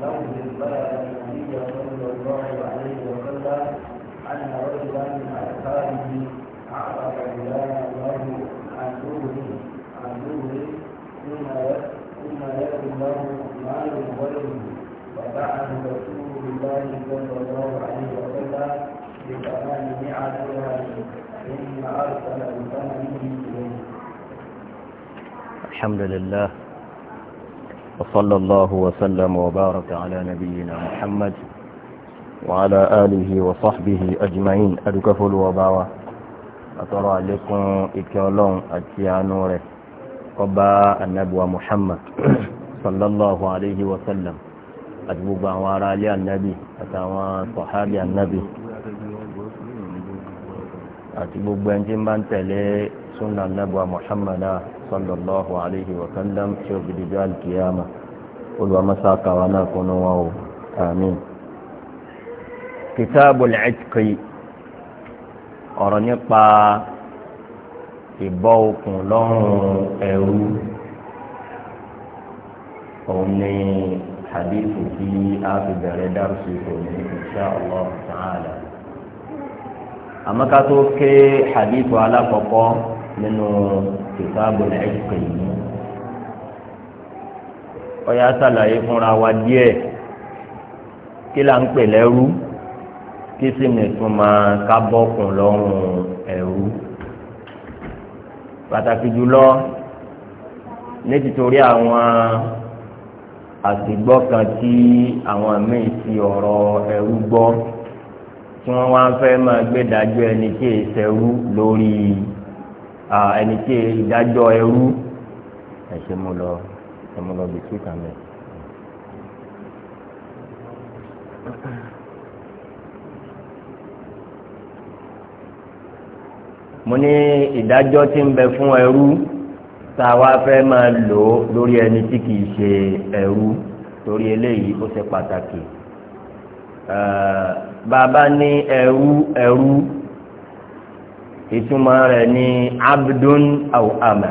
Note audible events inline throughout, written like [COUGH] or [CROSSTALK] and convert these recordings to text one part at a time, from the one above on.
موجد بلغ النبي صلى الله عليه وسلم أن رجلا من أصحابه عرف رجلان الله عن نور عن نور ثم ثم يكن له مال غيره فبعث رسول الله صلى الله عليه وسلم بثمانمائة درهم ثم أرسل بثمنه إليه الحمد لله وصلى الله وسلم وبارك على نبينا محمد وعلى آله وصحبه أجمعين أدكف الوباوة أترى لكم إكيولون أتيانور قبا النبوة محمد صلى الله عليه وسلم أجبوب وراء النبي أتوى صحابي النبي أتبوب بنجم بنتلي sunna nabuwa muhammadu sallallahu alayhi wa sallam tí ó fi dìjọ alkiyama olùwàmásá kàwá náà kúnú wa o amin. kitabul itqi ọ̀rọ̀ nípa ìbọ́ okùn lọ́rùn ẹ̀rú òun ni hadithu tí a fi bẹ̀rẹ̀ dárúsù òní insha Allah ta'ala. àmọ́ ká tó ké hadithu alákọ̀ọ́kọ́ nínú kìtàbù ẹ̀kọ́ yìí ọ̀yà sàlàyé fúnra wa díẹ̀ kí là ń pè lẹ́rú kí sì ní túmọ̀ kábọ́kùn lọ́rùn ẹ̀rú pàtàkì jùlọ ní títorí àwọn àtìgbọ́ kan tí àwọn míì ti ọ̀rọ̀ ẹ̀rú gbọ́ tí wọ́n wá ń fẹ́ máa gbé dájọ́ ẹni tí èsẹ̀rú lórí ẹni tí ìdájọ́ ẹrú ẹ̀ṣẹ̀ mo lọ ẹ̀ṣẹ̀ mo lọ bìtú kan mẹ́. mo ní ìdájọ́ tí ń bẹ fún ẹrú tá a wá fẹ́ máa lò ó lórí ẹni tí kìí ṣe ẹrú torí eléyìí ó ṣe pàtàkì bàbá ní ẹrú ẹrú ìtumọ̀ rẹ̀ ní abdun aw ama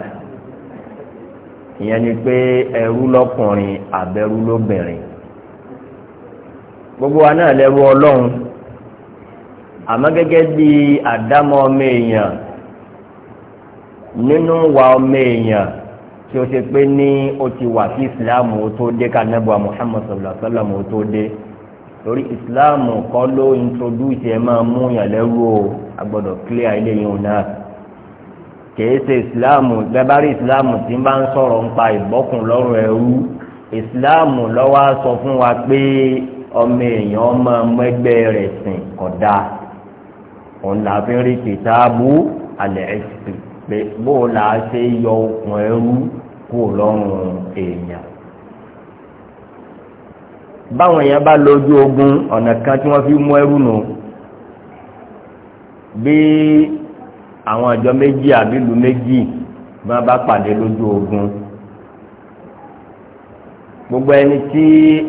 ìyẹn ni pé ẹrú lọ́kùnrin àbẹ̀rú lóbìnrin gbogbo wa náà lẹ́rú ọlọ́run àmọ́ gẹ́gẹ́ bí àdámọ́ ọmọ èèyàn nínú wa ọmọ èèyàn tí ó ṣe pé ní ó ti wà sí ìsìláàmù ó tó dé ká nẹ́bùa Muhammad sallallahu alaihi wasallam ó tó dé torí ìsìláàmù kọ́ ló introduce ẹ̀ máa mú yàn lẹ́rú o a gbọ́dọ̀ clear ilé yìí náà kìí ṣe ìsìláàmù gbẹ́bárí ìsìláàmù tí ń bá ń sọ̀rọ̀ nípa ìbọ́kùn lọ́rùn ẹrú ìsìláàmù lọ́wọ́ sọ fún wa pé ọmọ èèyàn ọmọ ọmọ ẹgbẹ́ rẹ̀ sìn kódà òun là fi ń rí kìtàbù alẹ́ ẹ̀sìn pé bó o là á ṣe yọ okùn ẹrú kúrò lọ́rùn èèyàn báwọn èèyàn bá lójú ogun ọ̀nà kan tí wọ́n fi mú ẹrú nù bí àwọn àjọ méjì àbílù méjì bí wọ́n bá pàdé lójú ogun gbogbo ẹni tí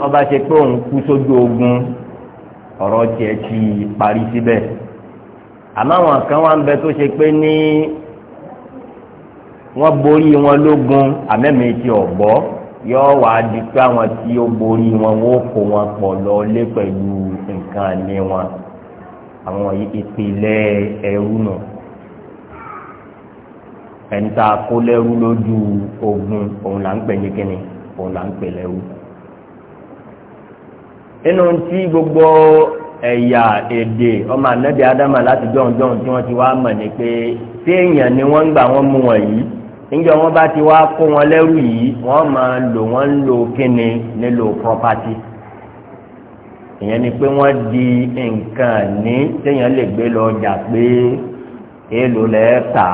ọba ṣe pé òun kú sójú ogun ọ̀rọ̀ tiẹ̀ ti parí síbẹ̀ àmọ́ àwọn kan wá ń bẹ tó ṣe pé ní wọ́n borí wọn lógun àmẹ́mìí ti ọ̀gbọ́. yọ wàá di pé àwọn tí ó borí wọn wọn wọn pọ̀ lọ lé pẹ̀lú nǹkan ilé wọn àwọn ìpìlẹ̀ ẹrú nù lójú ogun òun là ń pè ní òun là ń pè lẹ́rú gbogbo ẹ̀yà èdè ọmọ láti tí wọ́n ti wá mọ̀ ni pé ni wọ́n níjọ wọn bá ti wá kó wọn lẹ́rú yìí wọ́n máa lò wọ́n ń lo kíni nílò property ìyẹn ni pé wọ́n di nǹkan ní téèyàn lè gbé lọ ọjà pé èèlò lẹ́ẹ̀ tà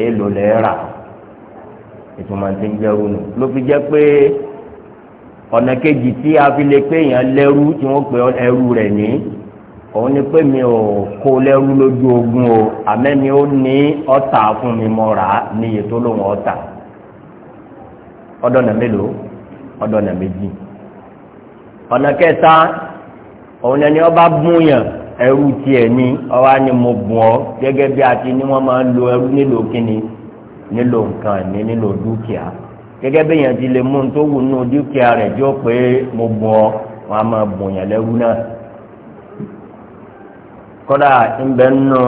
èèlò lẹ́ẹ̀ rà ìtumọ̀ tí ń jẹ́rú nù ló fi jẹ́ pé ọ̀nà kejì tí a fi lè pé èèyàn lẹ́rú tí wọ́n pe ẹrú rẹ̀ ní òun ni pé mi ò kó lẹ́rú lójú ogun o àmẹ́ni ó ní ọ̀tà fún mi mọ́ ní iye tó lóun ọ̀tà ọ̀dọ̀nà mélòó ọ̀dọ̀nà méjì ọ̀nà kẹta òun ẹni ọba ẹrú tiẹ̀ ni ọba ni mo bùn ọ gẹ́gẹ́ bí a ti ni wọ́n máa ń lo ẹrú nílò kíni nílò nǹkan ní nílò dúkìá gẹ́gẹ́ bí èèyàn ti lè mú un tó wù nínú dúkìá rẹ̀ jọ pé mo bùn ọ wọ́n á máa bùn lẹ́rú náà. kódà ńbẹ nínú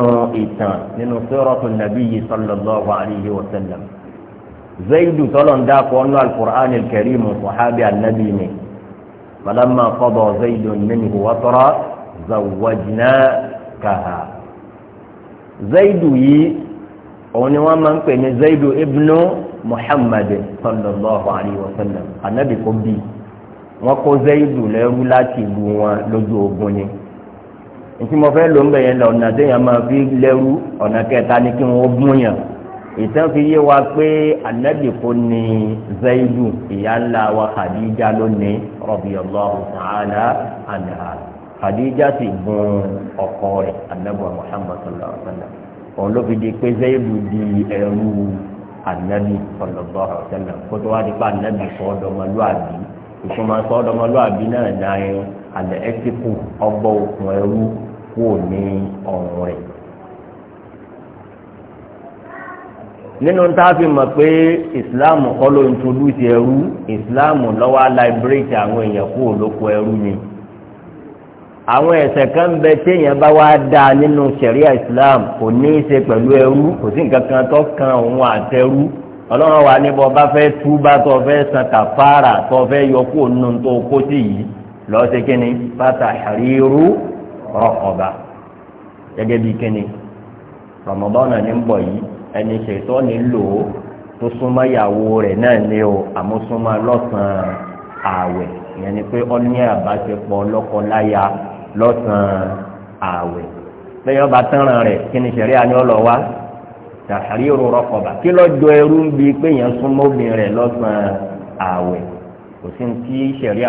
ìtàn nínú sọ́rọ́tún nàbí yìí sallallahu alayhi wa sallam zayidu tọ́lọ̀ ń dákọ̀ ọ́nà alukur'an kẹrìm sọ̀hábì anabi ni falamma qada zayidu minhu watara zawajna kaha zayidu yìí òun ni wọ́n máa ń pè ní zayidu ibnu muhammad sallallahu alayhi wa sallam kò bí wọ́n kó zayidu lẹ́rú láti ìlú wọn lójú ogun ni ntí mo fẹ́ lò ń bẹ̀yẹn lọ ọ̀nà téèyàn máa fi lẹ́rú ọ̀nà kẹta ni kí wọ́n mú yàn ìtàn fi yé wa pé anabi kò ní zayidu ìyá ńlá wa khadija lónìí radiyallahu ta'ala anha khadija sì gun ọkọ rẹ̀ anabi wa muhammad sallallahu alaihi wa sallam òun ló fi di pé zayidu di ẹrú anabi sallallahu alaihi wa sallam kótó wa di pé anabi sọ̀ọ́dọ̀mọlúàbí ìtumọ̀ sọ̀ọ́dọ̀mọlúàbí náà náà alẹ́ ẹ̀sìnkù ọgbọ́ òkun ẹrú kúrò ní ọ̀rùn rẹ̀. nínú tá a fi mọ̀ pé islam kọ́ ló introduce ẹrú islam lọ́wọ́ liberate àwọn èèyàn kúrò lóko ẹrú ni àwọn ẹ̀ṣẹ̀ kan bẹ téèyàn bá wá dá nínú ṣẹ̀ríà islam kò ní í ṣe pẹ̀lú ẹrú kò sí nǹkan kan tó kan òun àtẹrú ọlọ́run wa níbo bá fẹ́ túbá tó fẹ́ san kàfàrà tó fẹ́ yọ kúrò nínú tó kó sí yìí lọ́ọ́ ṣe kí ni bàtà àríyírú rọkọba gẹ́gẹ́ bíi kíni rọmọdọ́nà ní ń bọ̀ yìí ẹni ṣètò ní tó súnmọ́ ìyàwó rẹ̀ náà ní o àmúsúnmọ́ lọ́sàn-án ààwẹ̀ ìyẹn ni pé ní àbáṣepọ̀ lọ́kọ lọ́sàn-án ààwẹ̀ wa kí lọ́jọ́ ẹrú ń bi pé yẹn súnmọ́ obìnrin rẹ̀ lọ́sàn-án ààwẹ̀ kò sí ní ṣẹ̀rí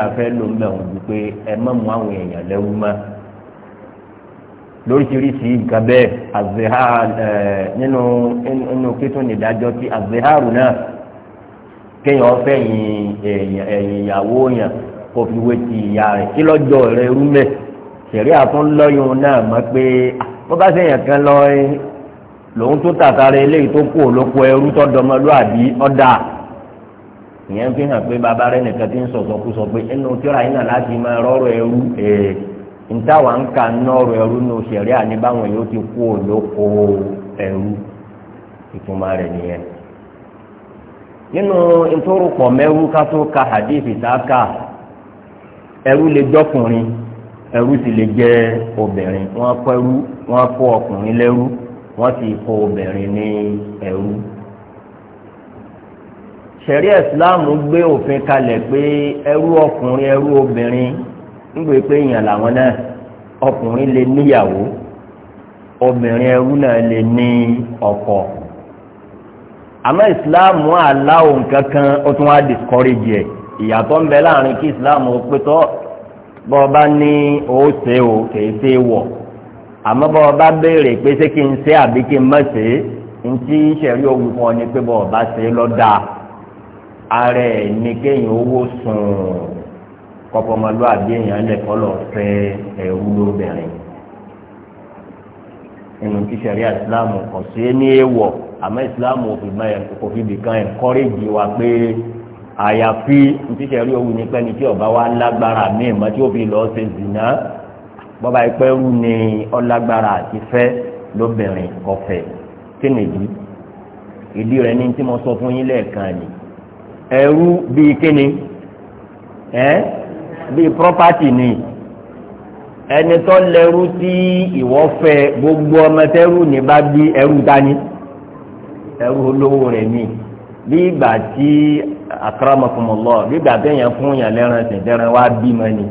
lóríṣiríṣi nǹkan bẹ́ẹ̀ azehar nínú nínú kíntún ìdájọ́ tí azeharu náà kéèyàn fẹ́ ìyàwó yàn ti ìyá rẹ̀ kí lọ́jọ́ rẹ̀ rú mẹ́ sẹ̀rí àtúnlọ́yún náà mọ̀ pé ah, lọ lòun tó eléyìí tó kú ẹrú ìyẹn fi hàn pé nìkan ti ń kú sọ pé tíra náà láti ntàwa nka ka nọ́ọ̀rọ̀ ẹrú ní òṣèré àní báwọn ti kú ẹrú ìtumọ̀ rẹ̀ nínú ntòrúpọ̀ mẹ́rú ka hadithi sáka ẹrú lè jọkùnrin ẹrú sì lè jẹ obìnrin wọn kọ ẹrú ọkùnrin lẹ́rú wọn sì kọ obìnrin ní ẹrú. gbé òfin ńgbè pé èèyàn làwọn náà ọkùnrin lè níyàwó obìnrin ẹrú náà lè ní ọkọ àmọ́ ìsìláàmù aláwò nǹkan kan ó tún wá discourage ẹ̀ ìyàtọ̀ ń bẹ láàrin kí ìsìláàmù ó pétọ́ bọ́ ọba ní òóṣe o kìí ṣe wọ̀ àmọ́ bọ́ ọba béèrè pé ṣé kí n ṣe àbí kí n má ṣe ń tí ìṣẹ̀rí òwú fún ọ ni pé bọ́ ọba ṣe lọ́dà ara ẹ̀ ní kéèyàn owó sùn kọfọmọlúwàbí èèyàn lẹ kọlọ fẹ ẹrú lóbìnrin nínú tí ṣẹ̀ríà ìsìláàmù kò sí ní èèwọ̀ àmọ́ ìsìláàmù òfin bìkan ẹ̀ńkọ́rẹ́jì wa pé àyàfi tí ṣẹ̀ríà òwú ni pẹ́ni tí ọba wa lágbára míì mọ́ tí ó fi lọ́ọ́ ṣe zìnà bọ́ba ìpẹ́ rú ni ọlágbára àti fẹ́ lóbìnrin kọfẹ́ kí nìdí ìdí rẹ̀ ní tí mo sọ fún yín lẹ́ẹ̀kan ni ẹrú bíi kíni ẹ́ bíi property ni ẹni tó lẹ́rú tí ìwọ fẹ́ gbogbo ọmọ tẹ́rù ní bá bí ẹrú dání ẹrú olówó rẹ̀ ni bí ìgbà tí akramakumullah bí ìgbà téèyàn fún yàn lẹ́ran tẹ̀tẹ̀rẹ̀ wá bímọ ni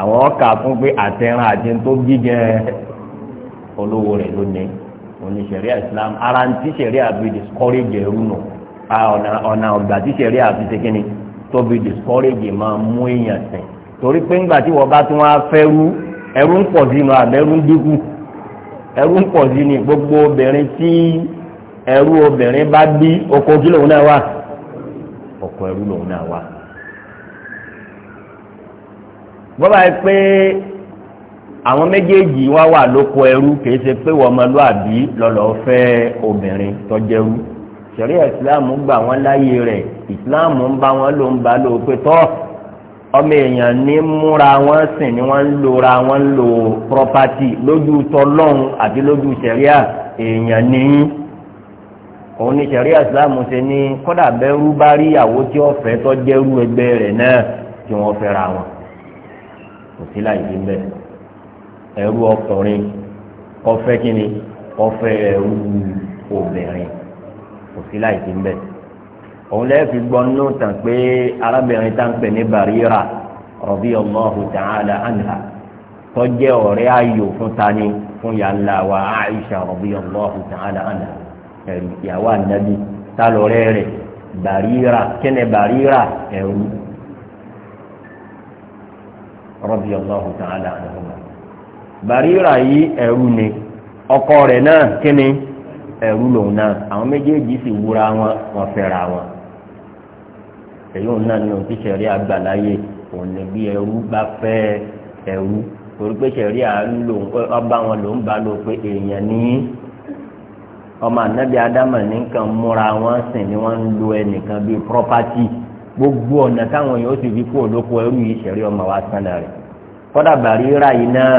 àwọn ọkà fún pé àtẹ̀ràn àti tó gígẹ olówó rẹ̀ lónìí òní sẹ̀ríà Islam ara ń tí sẹ̀ríà bíi discourage ẹrú nù ọ̀nà ọ̀gbà tí sẹ̀ríà fi ṣe kínni tó bíi discourage máa mú èèyàn sìn torí pé ńgbà tí wọ́n bá tún wá fẹ́rú ẹrú ń pọ̀ sí inú àbẹ́rú ń dínkù ẹrú ń pọ̀ sí ní gbogbo obìnrin tí ẹrú obìnrin bá bí oko kí lòun náà wà ọkọ ẹrú lòun náà wà. bọ́lá yìí pé àwọn méjèèjì wá wà lóko ẹrú kìí ṣe pé wọ́n ọmọlúàbí lọ́lọ́ fẹ́ obìnrin tọ́jẹ́rú ṣẹ̀rí ìsìláàmù gbà wọ́n láyé rẹ̀ ìsìláàmù ń bá wọn ló ń bá lóò pé tọ́ọ̀ ọmọ èèyàn ní múra wọn sìn ni wọn ń lora wọn ń lo property lójú tọlọ́hún àti lójú sẹ̀ríà èèyàn níyìn òun ni sẹ̀ríà ìsìláàmù ṣe ní kọ́dà bẹ́rú bá rí ìyàwó tí wọ́n fẹ́ tọ́ jẹ́rú ẹgbẹ́ rẹ̀ náà tí wọ́n fẹ́ ra wọn kò sí láì fi bẹ́ẹ̀ ẹrú ọkùnrin ọfẹ́ kínni ọfẹ́ ẹrú obìnrin kò sí láì fi bẹ́ẹ̀ òun lẹ́yìn fi gbọ́ nínú tàn pé arábìnrin tá ń pè ní Barira radiyallahu ta'ala anha tó jẹ́ ọ̀rẹ́ ayò fún tani fún yàrá wa Aisha radiyallahu ta'ala anha ẹ̀rù ìyàwó ànábì tá lọ́rẹ́ rẹ̀ Barira kẹ́nẹ̀ Barira ẹ̀rù radiyallahu ta'ala anha Barira yìí ẹ̀rù ni ọkọ rẹ̀ náà kẹ́ni ẹ̀rù lòun náà àwọn méjèèjì sì wúra wọn wọn fẹ́ra wọn èyí òun náà ní ohun tí sẹ̀rí àgbàláyé òun ní bí ẹrú bá fẹ́ ẹrú torí pé sẹ̀rí à ń lò ọba wọn ló ń bá lò pé èèyàn ní ọmọ ànábì ádámà nìkan múra wọn sìn ni wọn ń lo ẹnìkan bíi property gbogbo ọ̀nà táwọn yóò ti fi kú olóko ẹrú yìí sẹ̀rí ọmọ wa sánà rẹ̀ kọ́dà bàrírà yìí náà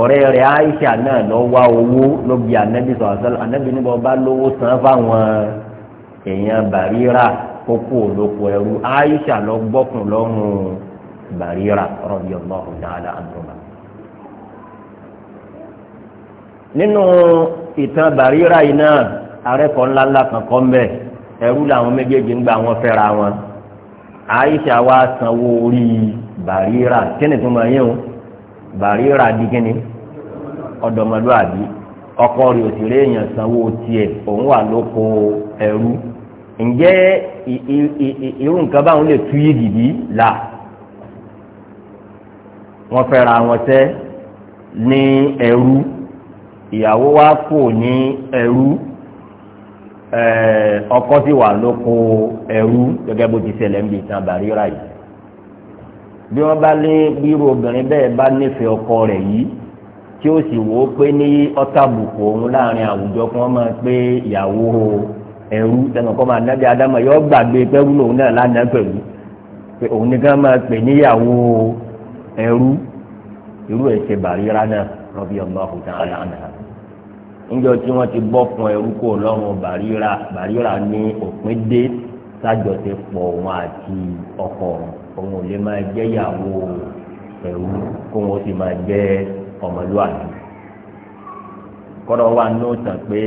ọ̀rẹ́ rẹ̀ Aisha náà lọ wá owó ló bi ànábì sọ̀rọ̀ sọ́lá ànábì níbo bá lówó san fáwọn èèyàn bàrírà Koko kú olóko ẹrú Aisha lọ gbọ́kùn lọ́rùn Barira radiyallahu ta'ala anhuma. nínú ìtàn Barira yìí náà arẹ́kọ̀ọ́ ńláńlá kankan bẹ́ẹ̀ ẹrú làwọn méjèèjì ń gba àwọn fẹ́ra wọn Aisha wa sanwó orí Barira kí ni tó máa yẹ o Barira di kí ni ọ̀dọ́mọlúwàbí ọkọ rẹ̀ òṣèré èèyàn sanwó tiẹ̀ òun wà lóko ẹrú ǹjẹ́ irú nǹkan báwọn lè tú yé dìdí là wọ́n fẹ́ra wọn tẹ́ ní ẹrú ìyàwó wa kò ní ẹrú ọkọ sì wà lóko ẹrú gẹ́gẹ́ bó ti ṣẹlẹ̀ ń bi ìtàn bàríra yìí bí wọ́n bá lé bírò obìnrin bẹ́ẹ̀ bá nífẹ̀ẹ́ ọkọ rẹ̀ yìí tí ó sì wò ó pé ní ọtàbùkù òun láàrin àwùjọ kí wọ́n máa pé ìyàwó o ẹrú tẹnukọ́ máa nábì adama yọ gbàgbé pẹ́rú lòun náà lánàá pẹ̀lú pé òun nìkan máa pè níyàwó ẹrú irú ẹ̀ bàríra náà rọ́bì ọ̀nà ọ̀hùnà àlànà níjọ tí wọ́n ti bọ́ fún ẹrú kó lọ́rùn bàríra bàríra ní òpin dé sájọsẹ pọ̀ òun àti ọkọ òun ò lè máa jẹ́ ìyàwó ẹrú kó wọn sì máa jẹ́ ọmọlúwàbí kọ́dọ̀ wà ní òtàn pé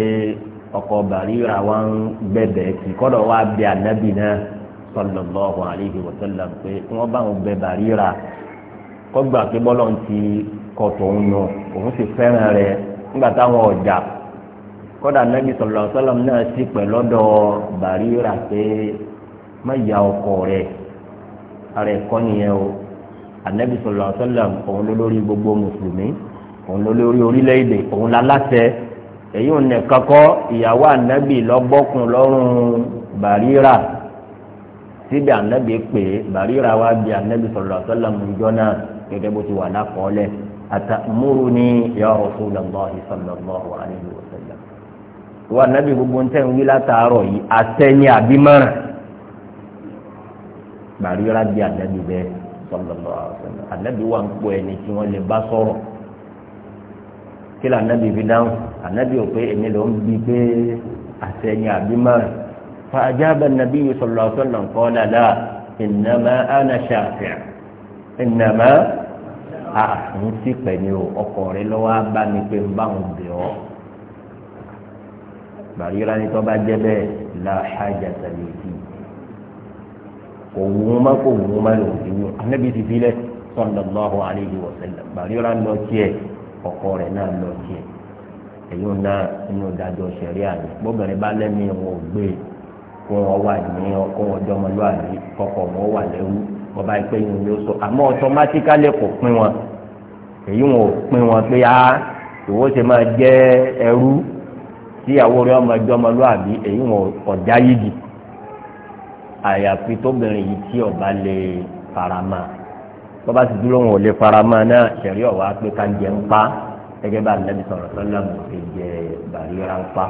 ọkọ̀ bàríra wa ń bẹ̀bẹ̀ kì kọ́dọ̀ wa bẹ ànábì náà sallallahu alaihi wa sallam pé wọ́n bá wọn bẹ bàríra kọ́gbà pé bọ́lọ̀ ń ti kọ̀ tòun nù òun sì fẹ́ràn rẹ̀ nígbà táwọn ọ̀jà kọ́dà ànábì sallallahu alaihi wa sallam náà sì pẹ̀ lọ́dọ̀ bàríra pé má ya ọkọ̀ rẹ̀ ààrẹ kọ́ nìyẹn o ànábì sallallahu alaihi wa sallam òun ló lórí gbogbo mùsùlùmí òun lórí orílẹ̀ òun la láṣẹ èyí ò nìkan kọ́ ìyàwó ànábì lọ́gbọ́kùn lọ́rùn bàríra síbi ànábì pé bàríra wa bí ànábì sọ̀rọ̀ sọ́lá mùjọ́ náà gẹ́gẹ́ bó ti wà lákọọ́lẹ̀ àtàmúruni ya Rasulullahi sallallahu alaihi wa sallam. ìwà ànábì gbogbo ń tẹ̀wé wí látàárọ̀ yìí àtẹ̀yìn àbímọ́ràn bàríra bí ànábì bẹ́ẹ̀ sallallahu alaihi wa ànábì wà ń pọ̀ ẹni tí wọ́n lè bá sọ̀rọ̀ kí lè anabi fi dáhùn anabi ò pé èmi ló ń bi pé àtẹ̀yìn àbí márùn fa ajábẹ́ nàbí yìí sọ̀rọ̀ sọ̀rọ̀ nǹkan dada ìnàmá ànà ṣàfihàn ìnàmá àfún sí pẹ̀lú ọkọ̀ rẹ lọ́wọ́ bá mi pé ń bá wọn bẹ̀ ọ́ bàríra ni tó bá jẹ́ bẹ́ẹ̀ la hajj àtàlẹ́ yìí kò wù ú má kò wù ú má lòun ti wù anabi ti fi lẹ sallallahu alaihi wa sallam bàríra lọ tiẹ̀. ọkọ rẹ náà lọ tiẹ̀ èyí ń ná inú ìdájọ́ sẹ̀rí àná gbọ́bẹ̀rẹ̀ bá lẹ́mí wọn ò gbé kó wọn wà ní ọkọ ọjọ́mọlúwàbí kọkọ wọn wà ìpè yìí ni ó sọ kò wọn èyí wọn ò wọn pé á ìwọ ṣe máa ẹrú ọmọ ọjọ́mọlúwàbí èyí wọn ọ̀já yìí àyàfi tóbìnrin yìí tí ọba farama bọ́ba sì dúró wọn ò lè fara mọ́ náà ṣẹ̀rí ọ̀wá pé ká ń jẹ ń pa gẹ́gẹ́ bá nàbì sọ̀rọ̀ sọ́lá mo fi jẹ bàríra ń pa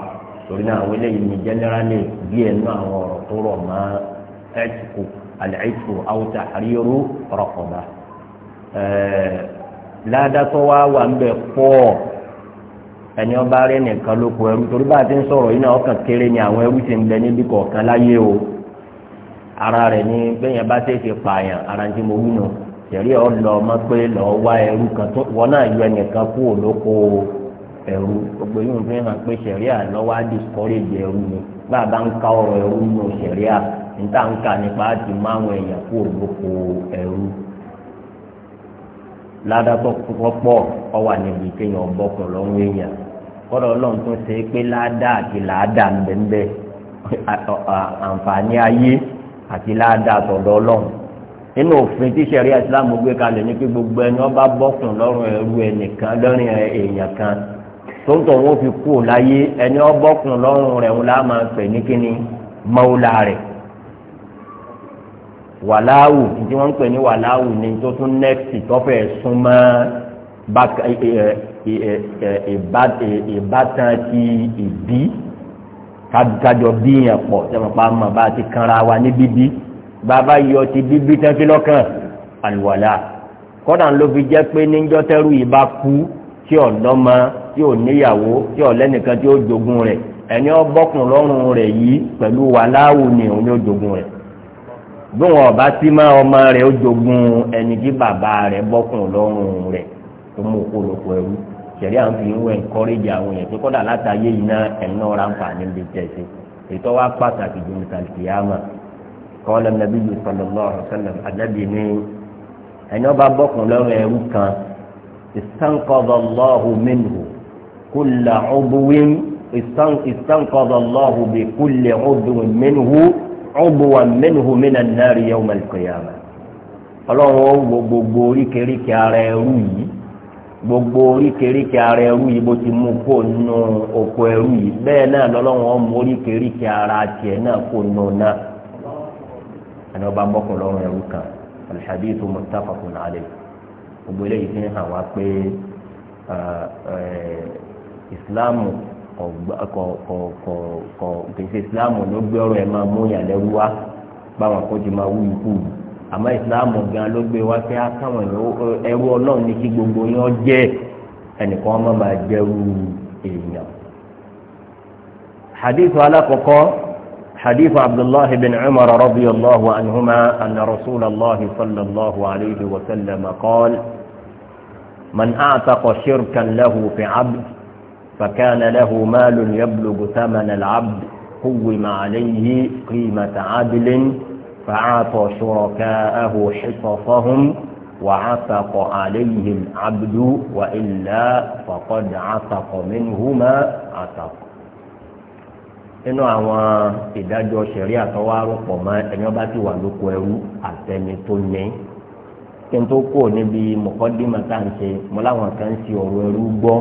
torí náà àwọn eléyìí ní jẹ́nẹ́rálì bí ẹnu àwọn ọ̀rọ̀ tó rọ̀ mọ́ ẹ̀tùkù àlẹ́ẹ̀tù àwùjá àríyọ̀rọ̀ rọ̀kọ̀dà ládàtọ̀ wá wà ń bẹ̀ pọ̀ ẹni ọba rẹ̀ nìkan ló kọ ẹrú torí bá a ti ń sọ̀rọ̀ yìí náà ọkàn kéré ni àwọn ẹrú ti ń bẹ níbi kọ̀ọ̀kan láyé o ara rẹ̀ ni bẹ́yẹn bá tẹ̀ ṣe pààyàn ara ń ti mo wí náà tẹ̀lé ọ lọ ọmọ pé lọ wá ẹrú kan tó wọn náà yọ ẹnìkan kú òlóko ẹrú gbogbo yìí ń fi hàn pé sẹ̀ríà lọ́wọ́ á discourage ẹrú ni bàbá ń ka ọ̀rọ̀ ẹrú nù sẹ̀ríà níta ń kà nípa àti má àwọn èèyàn kú òlóko ẹrú ládàtọ̀ pọ̀ ọwà níbi kéèyàn bọ́kùn lọ́wọ́ èèyàn kọ́dọ̀ ọlọ́run tó ṣe é pé ládàá àti làádàá ń bẹ́ẹ̀ bẹ́ẹ̀ àǹfààní ayé àti ládàá tọ̀dọ̀ ọlọ́run nínú òfin tí sẹ̀rí islam gbé kalẹ̀ ní pé gbogbo ẹni ọba bọ́kùn lọ́rùn ẹrú ẹnìkan lọ́rùn èèyàn kan tó ń tọ̀ wọ́n fi kú láyé ẹni ọbọ̀kùn lọ́rùn rẹ̀ ń lá máa pè ní kíni mọ́ọ́lá rẹ̀ wàláwù tí wọ́n ń pè ní wàláwù ni tó tún nẹ́ẹ̀sì tọ́fẹ̀ súnmọ́ ìbátan ti ìbí kájọ bíyàn pọ̀ tẹ́wọ́n pa mọ̀ bá ti kanra wa ní bíbí bàbá yọ ti bíbí tán fi lọ́kàn àlùwàlà kọ́dà ló fi jẹ́ pé níjọ́ tẹ́rù yìí bá kú tí ò lọ́mọ tí ò níyàwó tí ò lẹ́nìkan tí ó jogun rẹ̀ ẹni ó bọ́kùn lọ́rùn rẹ̀ yìí pẹ̀lú wàláwù ni òun yóò jogun rẹ̀ bí wọn ọba tí má ọmọ rẹ̀ ó jogun ẹni tí bàbá rẹ̀ bọ́kùn lọ́rùn rẹ̀ tó mú òkú lóko ẹrú sẹ̀rí àwọn fi ń wẹ̀ àwọn èèyàn tó kọ́dà látàyè yìí náà ẹ̀ náà ráńpà níbi tẹ̀sí ètò wa pàtàkì jù ní kàlùkìyàmà kọ́lá nàbí yìí sọlọ́lá ọ̀sẹ̀lẹ̀ àdàbí ni ẹni ọba bọ́kùn lọ́rùn ẹrú kan ìsànkọ́dọ̀lọ́hù mẹ́nu kúlà ọ̀bùwìn ìsànkọ́dọ̀lọ́hù bí kúlẹ̀ ọ̀bùwìn mẹ́nu ọ̀bùwà mẹ́nu mẹ́nà nàrí yẹ́wò mẹ́lìkọ́yàmà ọlọ́run ó wo gbogbo oríkèéríkèé ara ẹrú yìí gbogbo oríkèéríkèé ara ẹrú yìí bó ti mú kó nù oko ẹrú yìí bẹ́ẹ̀ náà lọ́lọ́run ó mú oríkèéríkèé ara tiẹ̀ náà kó nù náà ẹni ọba bọ́kùn lọ́rùn ẹrú kan alhadithu muttafaqun alayhi gbogbo eléyìí fi hàn wá pé ìsìláàmù kò kèsì ìsìláàmù ló gbé ọ̀rọ̀ ẹ máa mú yàn lẹ́rú wá báwọn kò ti máa wú ikú àmọ́ ìsìláàmù gan ló gbé wá pé káwọn ẹrú Ọlọ́run ní kí gbogbo yẹn jẹ ẹnìkan ọmọ máa jẹrú èèyàn hadithu alakọkọ. حديث عبد الله بن عمر رضي الله عنهما أن رسول الله صلى الله عليه وسلم قال من أعتق شركا له في عبد فكان له مال يبلغ ثمن العبد قوم عليه قيمة عدل فأعطى شركاءه حصصهم وعتق عليه العبد وإلا فقد عتق منهما عتق nínú àwọn ìdájọ́ sẹ̀rí àtọwọ́ àròpọ̀ mọ́ ẹni ọba ti wà lóko ẹrú àtẹni tó ní kí n tó kó níbi mọ̀kọ́dímà tá à ń ṣe mo láwọn kan ń ṣe ọ̀rọ̀ ẹrú gbọ́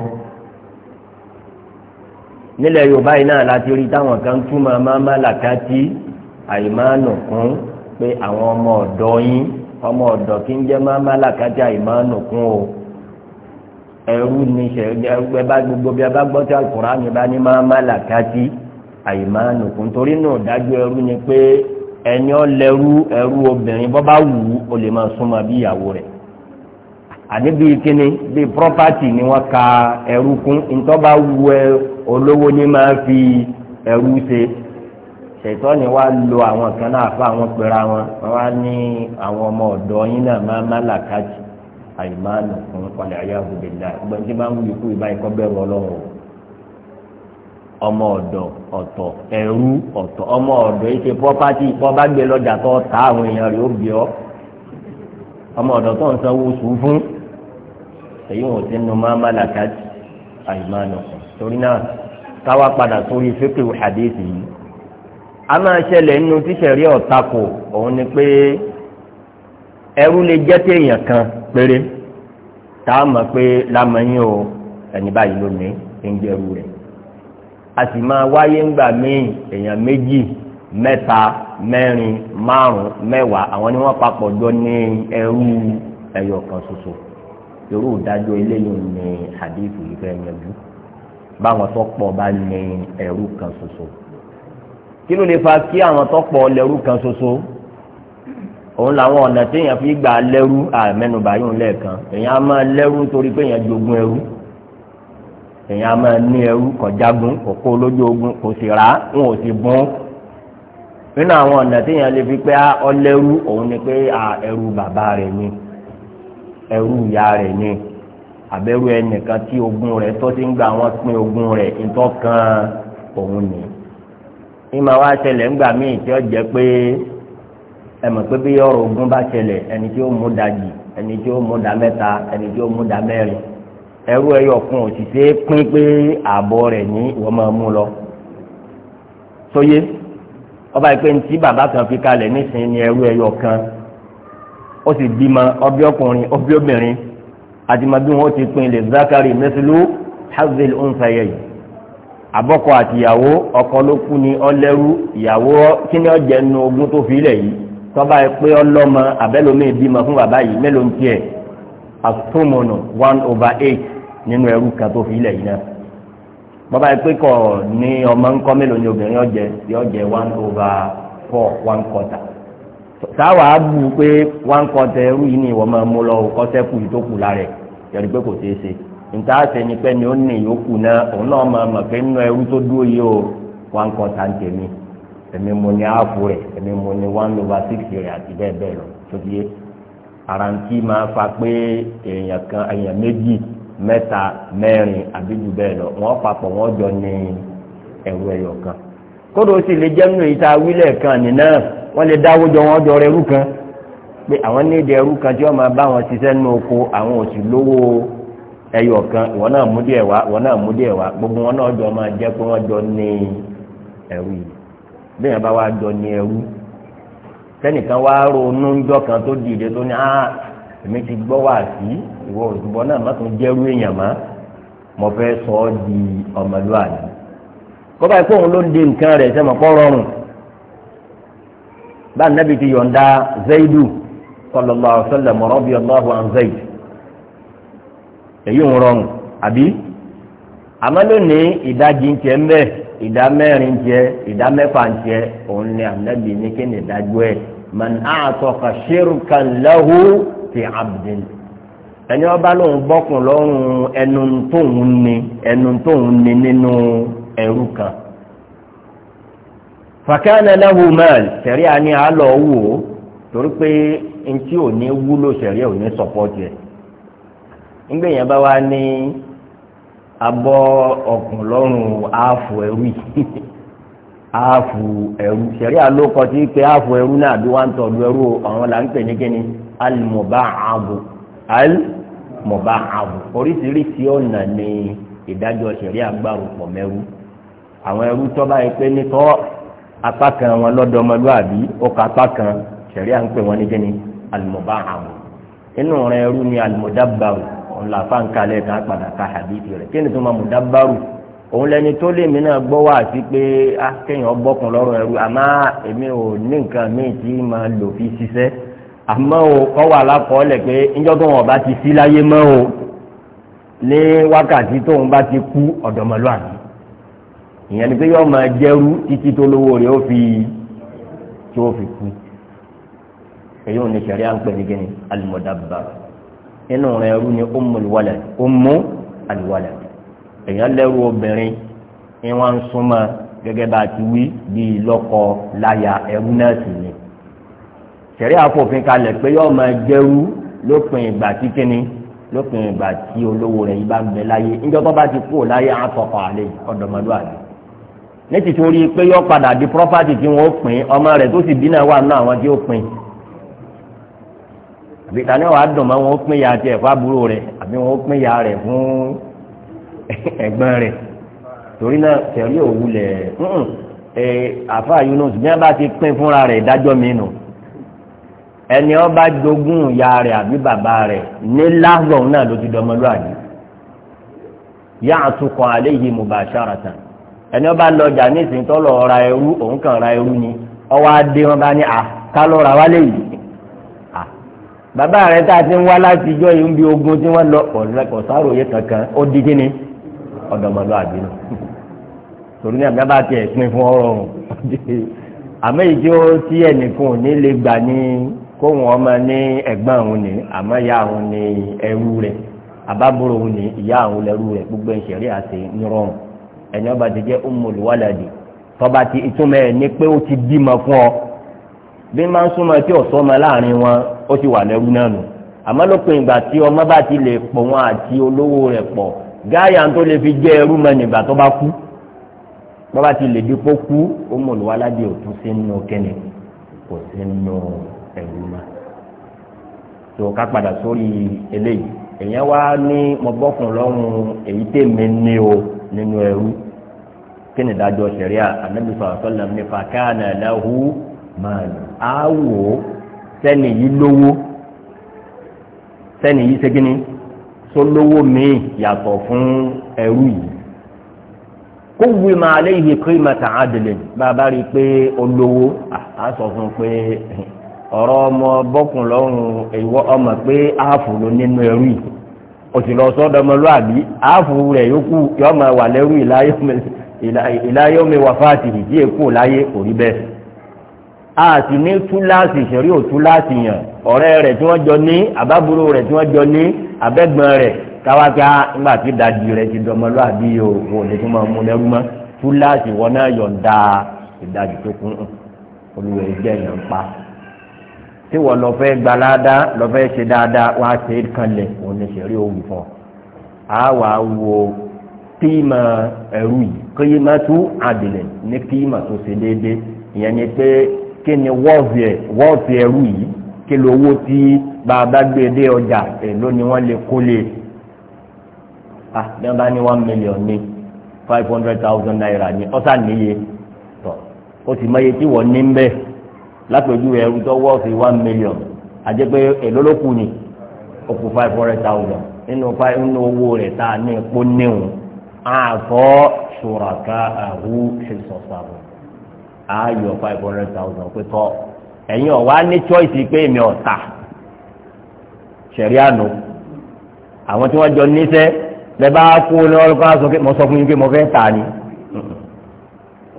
nílẹ̀ yorùbá yìí náà láti rí táwọn kan túmọ̀ máma làkàtì àìmánù kún pé àwọn ọmọ ọ̀dọ́ yín ọmọ ọ̀dọ́ kí ń jẹ́ máma làkàtì àìmánù kún o ẹrú ni ṣẹ̀rí ẹ bá gbogbo bí a bá gbọ́ tí Al-Kùránì bá ní máma làkàtì. àìmánukùn torí náà dájú ẹrú ni pé ẹni ọlẹ́rú ẹrú obìnrin bọ́ bá wù ú o lè máa súnmọ́ bí ìyàwó rẹ̀ àní bíi kíni bíi property ni wọ́n ka ẹrú kún ntọ́ bá wù ẹ olówó ni máa fi ẹrú ṣe ṣètọ́ ni wàá lo àwọn kan náà fún àwọn pera wọn wọn wá ní àwọn ọmọ ọ̀dọ́ yín náà máa má làkàtì ayé àbúdé dá gbọ́n tí bá ń wù ọmọ ọ̀dọ̀ ọ̀tọ̀ ẹ̀rú ọtọ ọmọ ọ̀dọ̀ ike pọ́pátì bọ́bá gbé lọ́jà tó ta àwọn èèyàn rẹ̀ ó bì ọmọ ọ̀dọ̀ tó ń sanwó oṣù fún èyí wọn ò ti nu máa máa làkà torí náà padà sórí fíkì yìí a máa ṣẹlẹ̀ nínú tíṣẹ̀rí ọ̀tako òun ni pé ẹrú lè jẹ́ téèyàn kan péré tá a mọ̀ pé lámọ̀ yín o ẹni báyìí ń jẹ́rú rẹ̀ a sì máa wáyé ńgbà míì èèyàn méjì mẹ́ta mẹ́rin márùn mẹ́wàá àwọn ni wọ́n papọ̀ jọ ní ẹrú ẹyọ kan ṣoṣo irú ìdájọ́ eléyìí ni hadithu yìí fẹ́ yanjú báwọn tó pọ̀ bá ní ẹrú kan ṣoṣo kí ló lè fa kí àwọn tó pọ̀ lẹ́rú kan ṣoṣo òun làwọn ọ̀nà téèyàn fi gbà lẹ́rú àmẹ́nubà lẹ́ẹ̀kan èèyàn á máa lẹ́rú torí pé èèyàn jogún ẹrú èèyàn máa ní ẹrú kọjágun kò kó lójú ogun kò sì rà wọn ò sì bún nínú àwọn ọ̀nà téèyàn lè fi pé ọlẹ́rú òun ni pé ẹrú bàbá rẹ̀ ni ẹrú ìyá rẹ̀ ni àbẹ̀rù ẹnìkan tí ogun rẹ̀ tó ti ń gba àwọn pín ogun rẹ̀ ìtọ́kan òun ni ìmọ̀ wá ṣẹlẹ̀ ńgbà míì tí ó jẹ́ pé ẹ mọ̀ pé bí ọ̀rọ̀ ogun bá ṣẹlẹ̀ ẹni tí ó mú da jì ẹni tí ó mú da mẹ́ta ẹni tí ó mú da mẹ́rin ẹrú ẹyọ kan òṣìṣẹ́ pín pé ààbọ̀ rẹ̀ ní ìwọ́n máa mú lọ sóyé ọba ìpè ntí bàbá kan fi kalẹ̀ nísìnyí ni ẹrú ẹyọ kan ó sì bímọ ọbí ọkùnrin ọbí obìnrin àtìmọ́bí wọn ti pín ilẹ̀ Zakari mẹ́sìlú hazel onsaye yìí abọ́kọ àtìyàwó ọkọ ló kú ni ọlẹ́rú ìyàwó kí ni ọjẹ́ nu ogún tó fi ilẹ̀ yìí tọ́ba pé ọlọ́mọ abẹ́lómi bímọ fún bàbá yìí mélòó ń tiẹ̀ àtúmọ̀nà one over eight nínú ẹrú kan tó fi ilẹ̀ yìí náà bàbá yìí pé kọ̀ ní ọmọ ńkọ́ mélòó ni obìnrin ọ̀jẹ̀ tí ọ̀jẹ̀ one over four one quarter sáwà á bù pé one quarter ẹrú yìí ni ìwọ máa mú lọ kọ́sẹ́kù yìí tó kù lára ẹ̀ yẹ̀rì pé kò ṣeé ṣe nta sẹni pẹ́ ni ó ní ìyókù náà òun náà máa mọ̀ pé nínú ẹrú tó dúró yìí o one quarter ń tèmi èmi mo ní áàpù rẹ̀ èmi mo ní one over six rẹ̀ àti bẹ́ẹ̀ bẹ́ẹ̀ lọ tó ti yé ara ń tí máa fa pé èèyàn kan èèyàn méjì meta, mẹrin àbí jù bẹ́ẹ̀ lọ wọ́n papọ wọ́n jọ ní ẹ̀rù ẹ̀yọ̀ kan kódò sì lè jẹ́ nínú kan nìna wọ́n lè dáwó jọ wọ́n jọ ẹrú kan pé àwọn nídìí ẹrú kan tí wọ́n máa bá wọn ṣiṣẹ́ nínú oko àwọn òsì lówó kan ìwọ náà mú wá ìwọ gbogbo wọn náà jọ máa wọ́n jọ ní yìí bá wá jọ ní ẹrú wá ronú kan tó dìde tó ìwọ òṣùbọ náà má tún jẹrú èèyàn má mo fẹ́ sọ ọ di ọmọlúwàbí kọba ẹ fóun ló ń di nǹkan rẹ̀ sẹmọ kọ rọrùn bá nàbì ti yọ̀ǹda zaidu sallallahu alaihi wasallam radiyallahu an zaid èyí ń rọrùn àbí àmọ́ lónìí ìdajì ń tiẹ̀ ń bẹ ìdá mẹ́rin tiẹ̀ ìdá mẹ́fà ń tiẹ̀ òun ni ànábì ní kí ni ìdájọ́ ẹ̀ man a'taqa shirkan lahu fi abdin. ẹni ọba lòun bọ́kùn lọ́rùn ẹnu tóun ni ẹnu tóun ni nínú ẹrú kan fàkànnà lẹ́hu mẹ́ẹ̀l sẹ̀rí àní àlọ́ wò ó torí pé ntí ò ní wúlò ò ní sọ̀pọ̀tì ẹ̀ ńgbé bá wá ní abọ́ ọ̀kùn lọ́rùn àáfù ẹrú yìí [LAUGHS] ẹrú sẹ̀rí tí pé ẹrú náà bí wọ́n ń ẹrú là mọ̀bá àwọ̀ oríṣiríṣi ọ̀nà ni ìdájọ́ ṣẹ̀rí àgbàrúpọ̀ mẹ́rú àwọn ẹrú tó bá yẹ pé nítọ́ apá kan wọn lọ́dọ̀ọmọlúàbí ó ka apá kan ṣẹ̀rí à ń pè wọ́n ní kíni àlùmọ̀bá àwọ̀ inú rẹ̀ ẹrú ni àlùmọ̀dábàrù òun là fà ń kalẹ̀ ká padà ka hadithi rẹ̀ kíni tó máa mọ̀dábàrù òun lẹni tó lè mí gbọ́ wá sí pé á ah, kéèyàn bọ́kùn lọ́rùn ẹrú àmọ́ èmi ò ní nǹkan míì tí máa lò fi ṣiṣẹ́ àmọ́ o kọ́ wà lákọọ́lẹ̀ pé níjọ́ tó wọn bá ti sí láyé mọ́ o ní wákàtí tóun bá ti kú ọ̀dọ̀mọlúwàbí ìyẹn ni pé yóò máa jẹ́rú títí tó lówó rẹ̀ ó fi tí ó fi kú èyí ò ní sẹ̀rí à ń pè ní gẹ́ni alimọ̀dàbà inú rẹ̀ ẹrú ni ummul walad ummu alwalad èyàn lẹ́rú obìnrin ni wọ́n ń súnmọ́ gẹ́gẹ́ bá a ti wí bíi lọ́kọ láya ẹrú náà sì ni tẹ̀rí àfòfin kalẹ̀ pé yóò máa jẹ́rú lópin ìgbà tí kínní lópin ìgbà tí olówó rẹ̀ yìí bá gbẹ láyé níjọ́ tó bá ti kú láyé àtọ̀kọ̀ àlè ọ̀dọ̀mọdúnrún ní tìtorí pé yóò padà di property tí wọ́n pín ọmọ rẹ̀ tó sì dínà wà náà àwọn tí ó pín àbí tani wàá dùn mọ́ wọn ó pín ya tiẹ̀ fún àbúrò rẹ̀ àbí wọn ó pín ya rẹ̀ fún ẹ̀gbọ́n rẹ̀ torí náà tẹ̀rí òwúlẹ̀ àfa Yunus bí wọ́n bá ti pín fúnra rẹ̀ ìdájọ́ mi nù. No ẹni ọba jogún ìyá rẹ̀ àbí bàbá rẹ̀ ní lágbọ̀n náà ló ti dọmọlúwàbí yá àtúkọ̀ alẹ́ mo bá ẹni ọba lọjà nísìnyí tó lọ ra ẹrú òun kàn ra ẹrú ni wá dé wọn bá ní à lọ ra wálé yìí bàbá tá a ti ń wá láti ijọ́ yìí ń bi ogun tí wọ́n lọ ọ̀sáròyé kankan ó di torí ní àbí abáàtì fún ọ̀rọ̀ ọ̀hún àmọ́ kóhun ọmọ ní ẹ̀gbọ́n òun ni àmọ́ ìyá òun ní ẹrú rẹ̀ àbábúrò òun ní ìyá òun lẹ́rú rẹ̀ gbogbo ìṣẹ̀rí àti nírọ̀rùn ẹni ọba ti jẹ́ ummul waladi tọba ti ìtumọ̀ ẹ̀ ní pé ó ti bímọ fún ọ bí máa ń súnmọ́ tí ọ̀sọ́ ọmọ láàrin wọn ó ti wà lẹ́rú náà nù àmọ́ lópin ìgbà tí ọmọ bá ti lè pọ̀ wọn àti olówó rẹ̀ pọ̀ gáyà tó lè fi jẹ́ ẹrú mọ́ nígbà tó bá kú bọ́ba ti lè dípò kú ummul waladi òtún sínú kẹ́nìkù ẹ̀rù mọ́ tó ká padà sórí eléyìí èèyàn wá ní mo bọ́kùn lọ́rùn èyí tèmi ní o nínú ẹrú kí ni ìdájọ́ sẹ̀ríà ànábì sọ̀rọ̀sọ̀lá nípa káànà ẹ̀dáhù màálù áwò sẹ́ni yìí lówó sẹ́ni yìí ṣégini sólówó míì yàtọ̀ fún ẹrú yìí kó wí máa léyìí kí màtà àdìlẹ̀ bá a bá rí i pé olówó àá sọ fún un pé ọ̀rọ̀ ọmọ bọ́kùn lọ́rùn ìwọ ọmọ pé áàfù ló nínú ẹrú yìí òsì lọ sọ́dọ̀ ọmọlúàbí áàfù rẹ̀ yókù yọmọ wà lẹ́rú ìláyọ́mi wàfáàtì ìdí èkó láyé kò rí bẹ́ẹ̀ àti ní túláàsì ìṣẹ̀rí ò túláàsì yàn ọ̀rẹ́ rẹ̀ tí wọ́n jọ ní àbábúrò rẹ̀ tí wọ́n jọ ní abẹ́gbọ̀n rẹ̀ káwáká nígbà tí dàdí rẹ̀ ti dọmọlúàbí yòó wò tí wọ́n lọ fẹ́ gba ládàá lọ fẹ́ ṣe dáadáa wọ́n á ṣe é kanlẹ̀ òun ní ṣẹ̀rí òwú fún ọ. a wà á wo kíìmà ẹ̀rú yìí kíìmà tó àdìlẹ̀ ní kíìmà tó ṣe déédéé ìyẹn ni pé kí ni wọ́ọ̀fì ẹ̀rú yìí kí ló owó tí bàbá gbé dé ọjà èló ni wọ́n lè kó lè. a ah, bí wọ́n bá ní one million ní five hundred thousand naira ní ọ̀sán níye tó o sì mọ iye tí wọ́n ní ń lápẹjù rẹ ẹrú tó wọ́ sí one million àti pé èló ni ó five hundred thousand nínú five nínú owó rẹ̀ tá a ní epo níwọ̀n àfọ́ ṣùràká àhú ṣèṣọ̀ṣàbọ̀ ààyò five hundred thousand pé kọ́ ẹ̀yin ọ̀wá ní choice pé èmi ọ̀tà ṣẹ̀ríànù àwọn tí wọ́n jọ níṣẹ́ lẹ́bàá kú ní ọlọ́kọ́ àṣọ pé yín pé mo fẹ́ tà ni.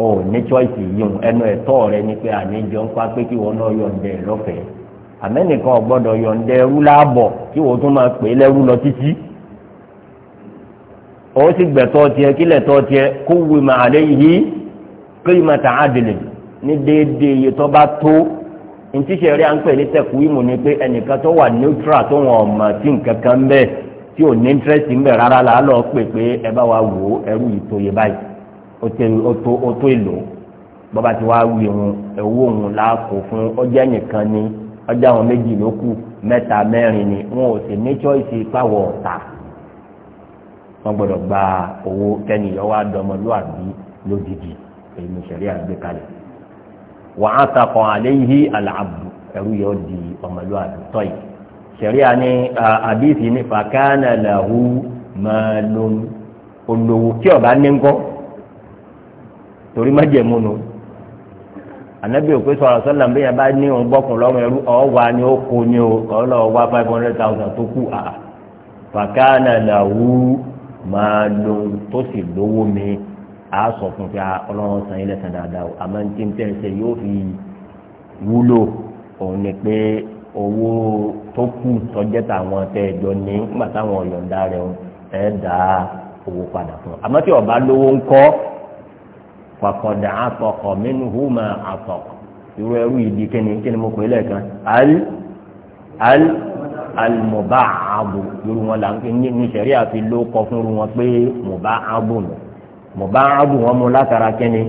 o ní choice yìí ẹnu ẹ̀tọ́ rẹ ni pé àníjọ ń pa pé kí wọn náà yọ̀ǹdẹ̀ lọ́fẹ̀ẹ́ àmẹ́nìkan ọ̀gbọ́dọ̀ yọ̀ǹdẹ̀ ẹrú láàbọ̀ kí wọ́n tún máa pè é lẹ́rú lọ títí ó sì gbẹ̀tọ́ tiẹ̀ kílẹ̀ tọ́ kó yìí tà ni pé ẹnìkan tó wà neutral tó wọn ọmọ tí nǹkan kan ń tí ò ní interest ń bẹ rárá là á lọ pè pé ẹ bá ó tó èlò bọ́ba ti wá wí òun ẹ̀wọ́ òun láàkó fún ọjà nìkan ni ọjà àwọn méjì ló kù mẹ́ta mẹ́rin ni wọn ò sì ní choice pàwọ̀ ọ̀tà wọn gbọ́dọ̀ gba owó kẹ́niyàn wá dọmọlúwàbí lójijì èyí ni ṣẹ̀ríà gbé kalẹ̀ wàá àtàkọ̀ àléyìí àlàbù ẹrú yóò di ọmọlúwàbí tọ́yì ṣẹ̀ríà ní àbíìsì ní fàkánà làwù màlúm olówó tí ọba ní ń kọ́ torí má jẹ̀mú nu anabi òkè sọ̀rọ̀ sọ́là ń bẹ́yà bá ní òun gbọ́kùn lọ́rùn ẹrú ọ̀wà ni ó kó ni o ọ̀lọ́ wá five hundred thousand tó kù à fàkànà làwù máa lo tó sì lówó mi á sọ fún pé ọlọ́run san ilẹ̀ san dáadáa o àmọ́ tí n tẹ́ yóò fi wúlò òun ni pé owó tó kù tọ́jẹ́ táwọn tẹ́ ẹ ní nígbà táwọn ọ̀yọ̀ǹda rẹ̀ ẹ̀ dá owó padà fún ọ àmọ́ tí ọba lówó ń fàkọ̀dà àtọ̀kọ̀ mẹ́nu hùmà àtọ̀kọ̀ irú ẹrú ìdí kẹ́ni kẹ́ni mo pè é lẹ́ẹ̀kan al al almọba abu yorùbá wọn là ń pè ní sẹ̀rí àfi wọn pé mọba abu nù mọba abu wọn mú látara kẹ́ni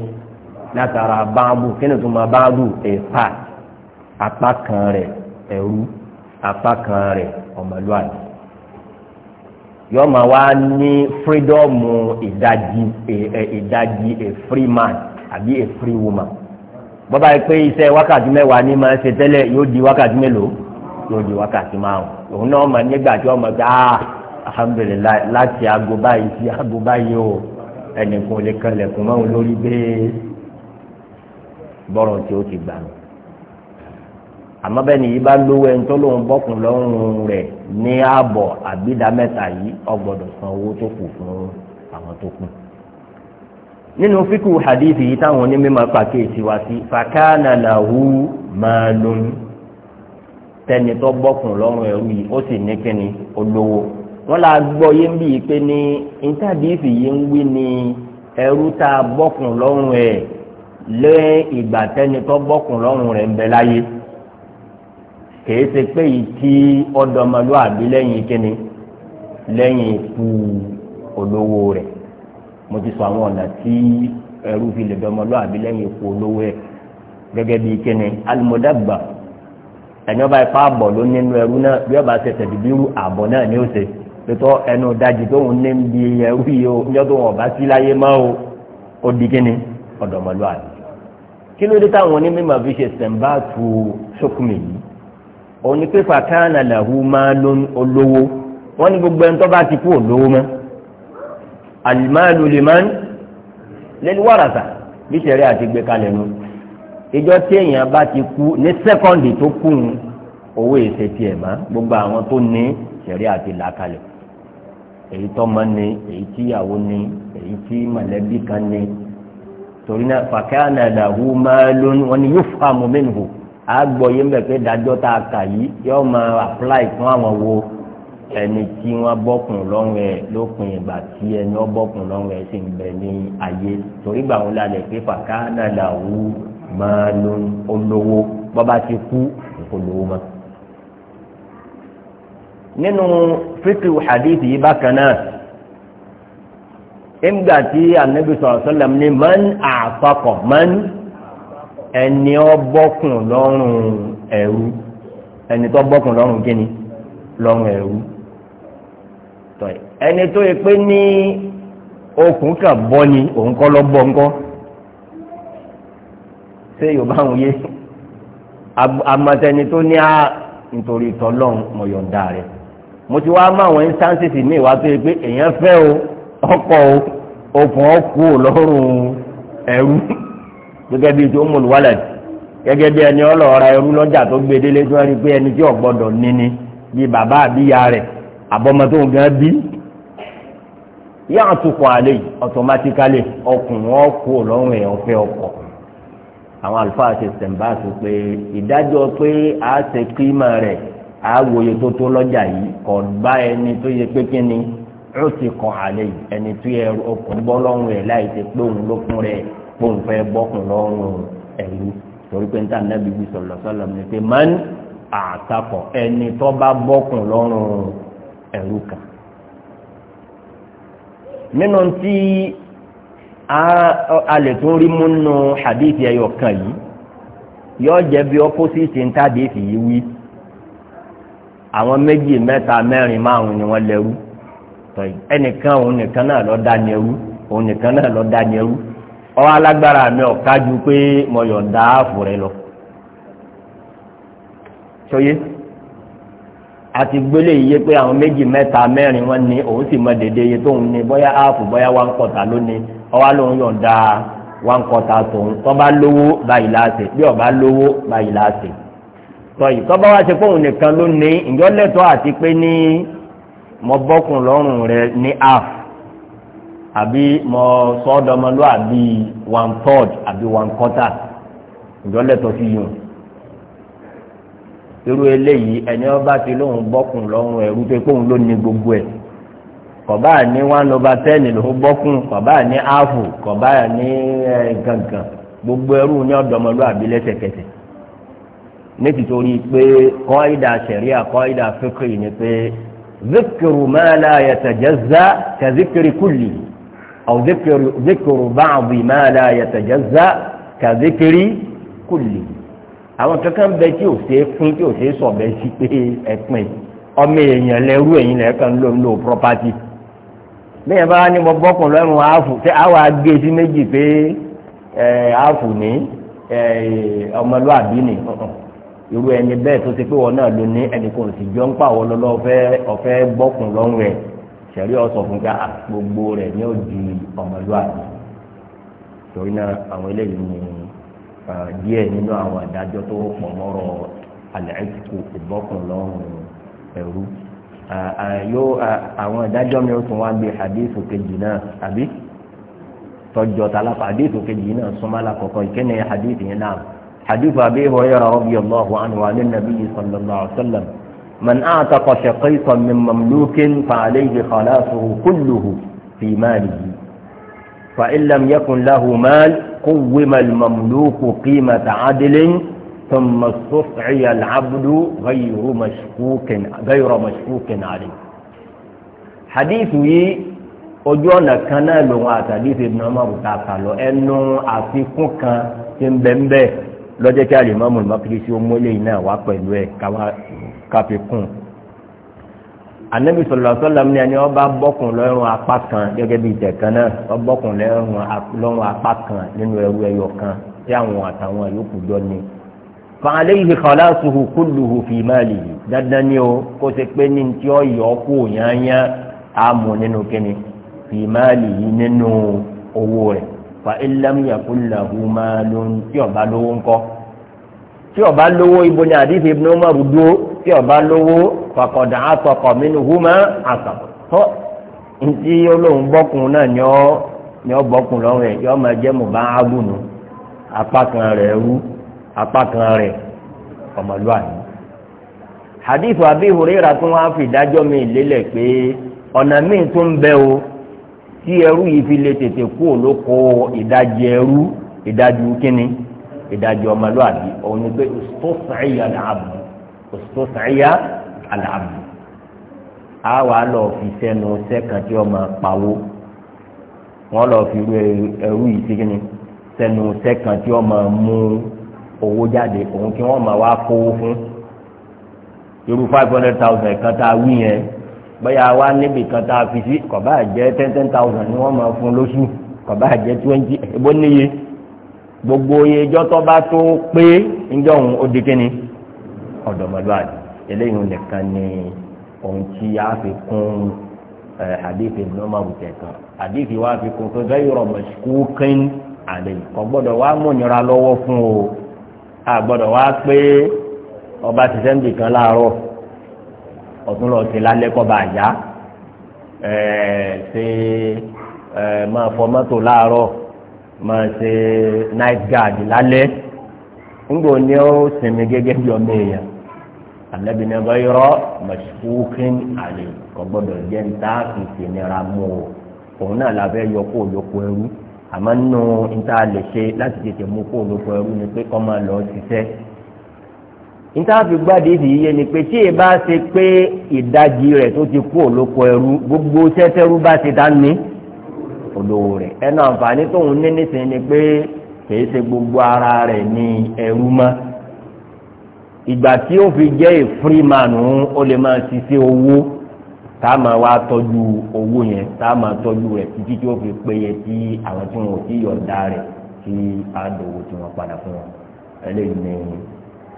látara báàbù kẹ́ni tó máa báàbù ẹ̀ pa apá kan rẹ̀ ẹrú apá kan rẹ̀ ọmọlúwàbí yóò máa wá ní fírídọ́ọ̀mù ìdajì ìdajì a free man àbí a free woman bọ́bá yìí pé iṣẹ́ wákàtí mẹ́wàá ní máa ń ṣe tẹ́lẹ̀ yóò di wákàtí mélòó yóò di wákàtí márùn òun náà máa nígbà tí wọ́n máa gbé ah alhamdulilayi láti aago báyìí sí aago báyìí o ẹnìkan lè kanlẹ̀kùn mọ́ òun lórí pé bọ́rọ̀ tí ó ti gbà mí àmọ́ bẹ́ẹ̀ ni yìí bá lówó ẹni tó lóun bọ́kùn lọ́rùn rẹ̀ ní ààbọ̀ àbídá mẹ́ta yìí ọgbọ́dọ̀ san owó tó kù fún àwọn tó kù. nínú fíkù hadithi yìí táwọn onímọ̀ pàkíyèsí wá sí fàkànà làwù máa lóyún tẹni tó bọ́kùn lọ́rùn ẹ̀rú yìí ó sì ní kíni olówó wọn là gbọ́ yé ń bí i pé ní ìtàdífì yìí ń wí ni ẹrú tá a bọ́kùn lọ́rùn ẹ̀ lé ìgbà tẹni tó bọ́kùn lọ́rùn rẹ̀ ń bẹ láyé kèé ṣe pé yìí tí ọ̀dọ́mọlúàbí lẹ́yìn kíni lẹ́yìn ikú olówó rẹ̀ mo ti sọ àwọn ọ̀nà tí ẹrú fi lè dọ́mọlúàbí lẹ́yìn ikú olówó rẹ̀ gẹ́gẹ́ bíi kíni alimọ̀dàgbà ẹ̀yìn ọba ìfá àbọ̀ ló nínú ẹrú náà bí ọba ṣẹṣẹ bíbí irú àbọ̀ náà ni ó ṣe pẹ̀tọ́ ẹnu dájú tó ń ní bí ẹrú yìí o níjọ́ tó wọn bá sí láyé mọ́ o ó di kíni ọ̀dọ́mọlúàbí kí ló dé táwọn onímọ̀ fi ṣe sẹ̀ǹbáàtú sókùnmí yìí òun ni pé fàkànà làwù máa ló olówó wọ́n ní gbogbo ẹni tó bá ti kú olówó mọ́ alimáàlú limán lẹ́nu wàràsà bí tẹ̀rẹ́ àti gbé kalẹ̀ nu ìjọ tí èèyàn bá ti kú ní sẹ́kọ̀ndì tó kù owó èsè tiẹ̀ mọ́ gbogbo àwọn tó ní tẹ̀rẹ́ àti làkàlẹ̀ èyí tọ́mọ ni èyí tíyàwó ni èyí tí mọ̀lẹ́bí kan ni torí náà fàkànà làwù máa ló wọ́n ní yóò fà mọ́ mẹ́nu hù àgbọ̀yé mẹ́fẹ́ dájọ́ tá a kà yìí yóò máa apply fún àwọn wo ẹni tí wọ́n bọ́kùn lọ́rùn ẹ̀ lópin ìgbà tí ẹni wọ́n bọ́kùn lọ́rùn ẹ̀ sì ń bẹ ní ayé torí gbà wọn lálẹ́ pé fàkà nàlà wù máa lo olówó bọ́ba ti kú olówó mọ́. nínú fíkì hadith yìí bákan náà ìgbà tí anabi sallallahu alaihi wasallam ní man àfakọ̀ man. ẹni ọ bọkụ lọ́rùn ẹni tó bọkụ lọ́rùn kíni lọ́rùn ẹ̀rú ẹni tó yẹ pé ní okùn kà bọ́ ni òun kọ́ lọ́ bọ́ ńkọ́ ṣé yorùbá ń yé tó ní a nítorí tọ́lọ́n mọ̀yọ̀ǹda rẹ̀ mo ti wá máa instances mi wá gẹ́gẹ́ bíi ti umul walad gẹ́gẹ́ bíi ẹni ọlọ́ọ̀ra ẹrú lọ́jà tó gbé délé tó rí pé ẹni tí ò gbọ́dọ̀ níní bíi bàbá àbíyá rẹ̀ àbọ̀mọ tó ń gan bí yá àtúkọ̀ àlè ọ̀tọ̀mátíkálì ọkùnrin ọkọ̀ lọ́rùn ẹ̀ ọ̀fẹ́ ọkọ̀ àwọn àlùfáà ṣe sẹ̀ǹbáàsì pé ìdájọ́ pé a ṣe kírímà rẹ̀ a wòye tó tó lọ́jà yìí kò bá ẹni tó yẹ pé kí ni ó ti kàn àlè ẹni tó yẹ ọkùnrin bọ́ lọ́rùn ẹ̀ láì ṣe pé òun ló kún rẹ̀ kóun fẹ́ bọ́kùn lọ́rùn ẹ̀rú torí pé níta nàbí bí sọ̀rọ̀ sọ̀rọ̀ mi pé máa ń àtakọ̀ ẹni tó bá bọ́kùn lọ́rùn ẹ̀rú kan. nínú tí a lè tún rí múnú hadithi ẹyọ kan yìí yóò jẹ́ bí opposite ń tàbí fi yí wí àwọn méjì mẹ́ta mẹ́rin márùn-ún ni wọ́n lẹ́rú ẹnìkan òun nìkan náà ló dá ni ẹrú òun nìkan náà ló dá ni ẹrú. ọwá alágbára mi ọ̀kájú pé mo yọ̀ǹda rẹ lọ ṣóyé àti gbélé iye pé àwọn méjì mẹ́ta mẹ́rin wọn ni òun sì mọ dédé iye tóun ní bóyá áàfù bóyá wà kọta lónìí ọwá alóhun yọ̀ǹda wà kọta tọ́ba lówó báyìí bí ọba lówó báyìí tọ́yì tọ́ba wá ṣe fóun nìkan lónìí ìjọ́lẹ̀tọ́ àbí mọ sọdọmọlú àbí one third àbí one quarter ìjọlẹtọ fi yùn irú eléyìí ẹni ọba ti lóun bọkùn lọ́rùn ẹrú pé kóun ló ní gbogbo ẹ kọba ní one over ten lòun bọkùn kọba ní áàfù kọba ní gàngàn gbogbo ẹrú ní pé kọ́ ìdá sẹ̀ríà kọ́ ìdá fíkìrì ni pé zikiru ma أو ذكر, ذكر بعض ما لا يتجزأ كذكر كله àwọn kankan bẹ tí ò ṣe é fún tí ò ṣe é sọ bẹ sí pé ẹpin ọmọ èèyàn lẹrú ẹyin lẹẹkan ló ń lo property bẹ́ẹ̀ bá ní mo bọ́kùn lọ́rùn áàfù tẹ àwọn agé sí méjì pé áàfù ní ọmọlúàbí ni irú ẹni bẹ́ẹ̀ tó ṣe pé wọn náà ló ní ẹnì kan ò sì jọ ń pàwọ́ lọ́lọ́ ọ̀fẹ́ bọ́kùn lọ́rùn ẹ̀ sẹ̀rí ọ̀sọ̀ fún ká ah, gbogbo rẹ̀ ní ó ọmọlúwàbí torí náà àwọn eléyìí ni díẹ̀ nínú àwọn àdájọ́ tó pọ̀ mọ́rọ̀ àlẹ́kù ìbọ́kùn ẹ̀rú yóò àwọn àdájọ́ mi tún wá gbé hadith kejì náà àbí tọjọ tala fa hadith náà súnmọ́ alákọ̀ọ́kọ́ ìkẹ́ni hadith yẹn náà hadith Abi Hurairah radiyallahu anhu wa an nabiyyi sallallahu alaihi من أعتق شقيقا من مملوك فعليه خلاصه كله في ماله فإن لم يكن له مال قوم المملوك قيمة عدل ثم استطعي العبد غير مشكوك غير مشكوك عليه حديثي ojú ọ̀nà kan náà lòun àtàdífẹ́ ibùdó ọmọ òkúta àkàlọ́ ẹnu àfikún kan ti ń bẹ́ńbẹ́ lọ́jọ́ kí alìmọ́mù mọ́kìlì sí ó mọ́lẹ̀ iná wá pẹ̀lú ẹ̀ káwá káfí kún anabi sallallahu alaihi wasallam ní ẹni ọba bọkùn lọ́rùn apá kan gẹ́gẹ́ bíi ìtẹkan náà ọbọkùn lọ́rùn apá kan nínú ẹrú ẹyọ kan tí àwọn àtàwọn yòókù jọ ní fàlẹ́yìí kọ́láṣuhu kúlùhù fi máàlì yìí dandan ni o kó ṣe pé ní tí ó yọ kó yányá àmú nínú kíni fi yìí nínú owó rẹ̀ fa ilamya kúlùhù máàlù tí ó lówó ńkọ́ tí ó lówó ibo ni àdìsí ibùdó máa rú dúró tí ọba lówó fàkọ̀dà àtọkọ̀ mínú húmọ́ àtọkọ̀ tó ntí olóhùn bọ́kùn náà ni ọ́ ni ọ́ bọ́kùn lọ́rùn ẹ̀ yọ́ máa jẹ́ mùbá ágùnù apá kan rẹ̀ wú apá kan rẹ̀ ọmọlúwàbí. hadith Abi Hurayra tí wọ́n fi ìdájọ́ mi lélẹ̀ pé ọ̀nà míì tó ń o tí ẹrú yìí fi lè tètè kú olóko ìdajì ẹrú ìdajì kínní ìdajì ọmọlúwàbí òun ni pé tó sàáyà làbù òṣìṣẹ́ sàáyà àlàbù á wà á lọ fi sẹ́nu sẹ́kàn tí ọmọ pawó wọ́n lọ fi ru ẹrú yìí sí kíni sẹ́nu sẹ́kàn tí ọmọ mú owó jáde òun kí wọ́n máa wá kówó fún irú five hundred thousand kan tá a wí yẹn bóyá wá níbi kan tá a fi sí kò jẹ́ ten ten thousand ni wọ́n máa fún lóṣù kò jẹ́ twenty ebó níye gbogbo iye ìjọ tó bá tó pé ń jọ̀hún ó di kíni. ọ̀dọ̀mọlúwàbí eléyìí nìkan ni ohun tí a fi kún hadithi Ibn Umar kan, hadithi wa fi kún pé ghayra mashkukin alayhi kò gbọ́dọ̀ wá múnira lọ́wọ́ fún o a gbọ́dọ̀ wá pé ọba ti sẹ́ńdì kan láàárọ̀ ọ̀tún lọ sí lálẹ́ kọ́ bá yá ṣe máa fọ mọ́tò láàárọ̀ máa ṣe night guard lálẹ́ ńgbò ó sinmi gẹ́gẹ́ anabi ní ẹgbẹ́ yọrọ mashkukin àlè kò gbọ́dọ̀ jẹ́ ń ta ìsìn nira mú o òun náà la fẹ́ yọ kó olóko ẹrú àmọ́ nínú lè ṣe láti tètè mú kó olóko ẹrú ni pé kọ́ máa lọ ṣiṣẹ́ níta fi gbádìí ìdí yé ni pé tí ì bá ṣe pé ìdajì rẹ̀ tó ti kó olóko ẹrú gbogbo tẹ́tẹ́rú bá ti dá ní olówó rẹ̀ ẹnu àǹfààní tóun ní nísìnyí ni pé kì í gbogbo ara rẹ̀ ní ẹrú mọ́ ìgbà tí ó fi jẹ́ ìfúrímànù ó lè máa ṣiṣẹ́ owó tá a máa wá tọ́jú owó yẹn tá a máa tọ́jú rẹ̀ títí tí ó fi péye tí àwọn tí wọn ò tí yọ̀ọ̀dá rẹ̀ tí a dòwò tí wọ́n padà fún wọn eléyìí ni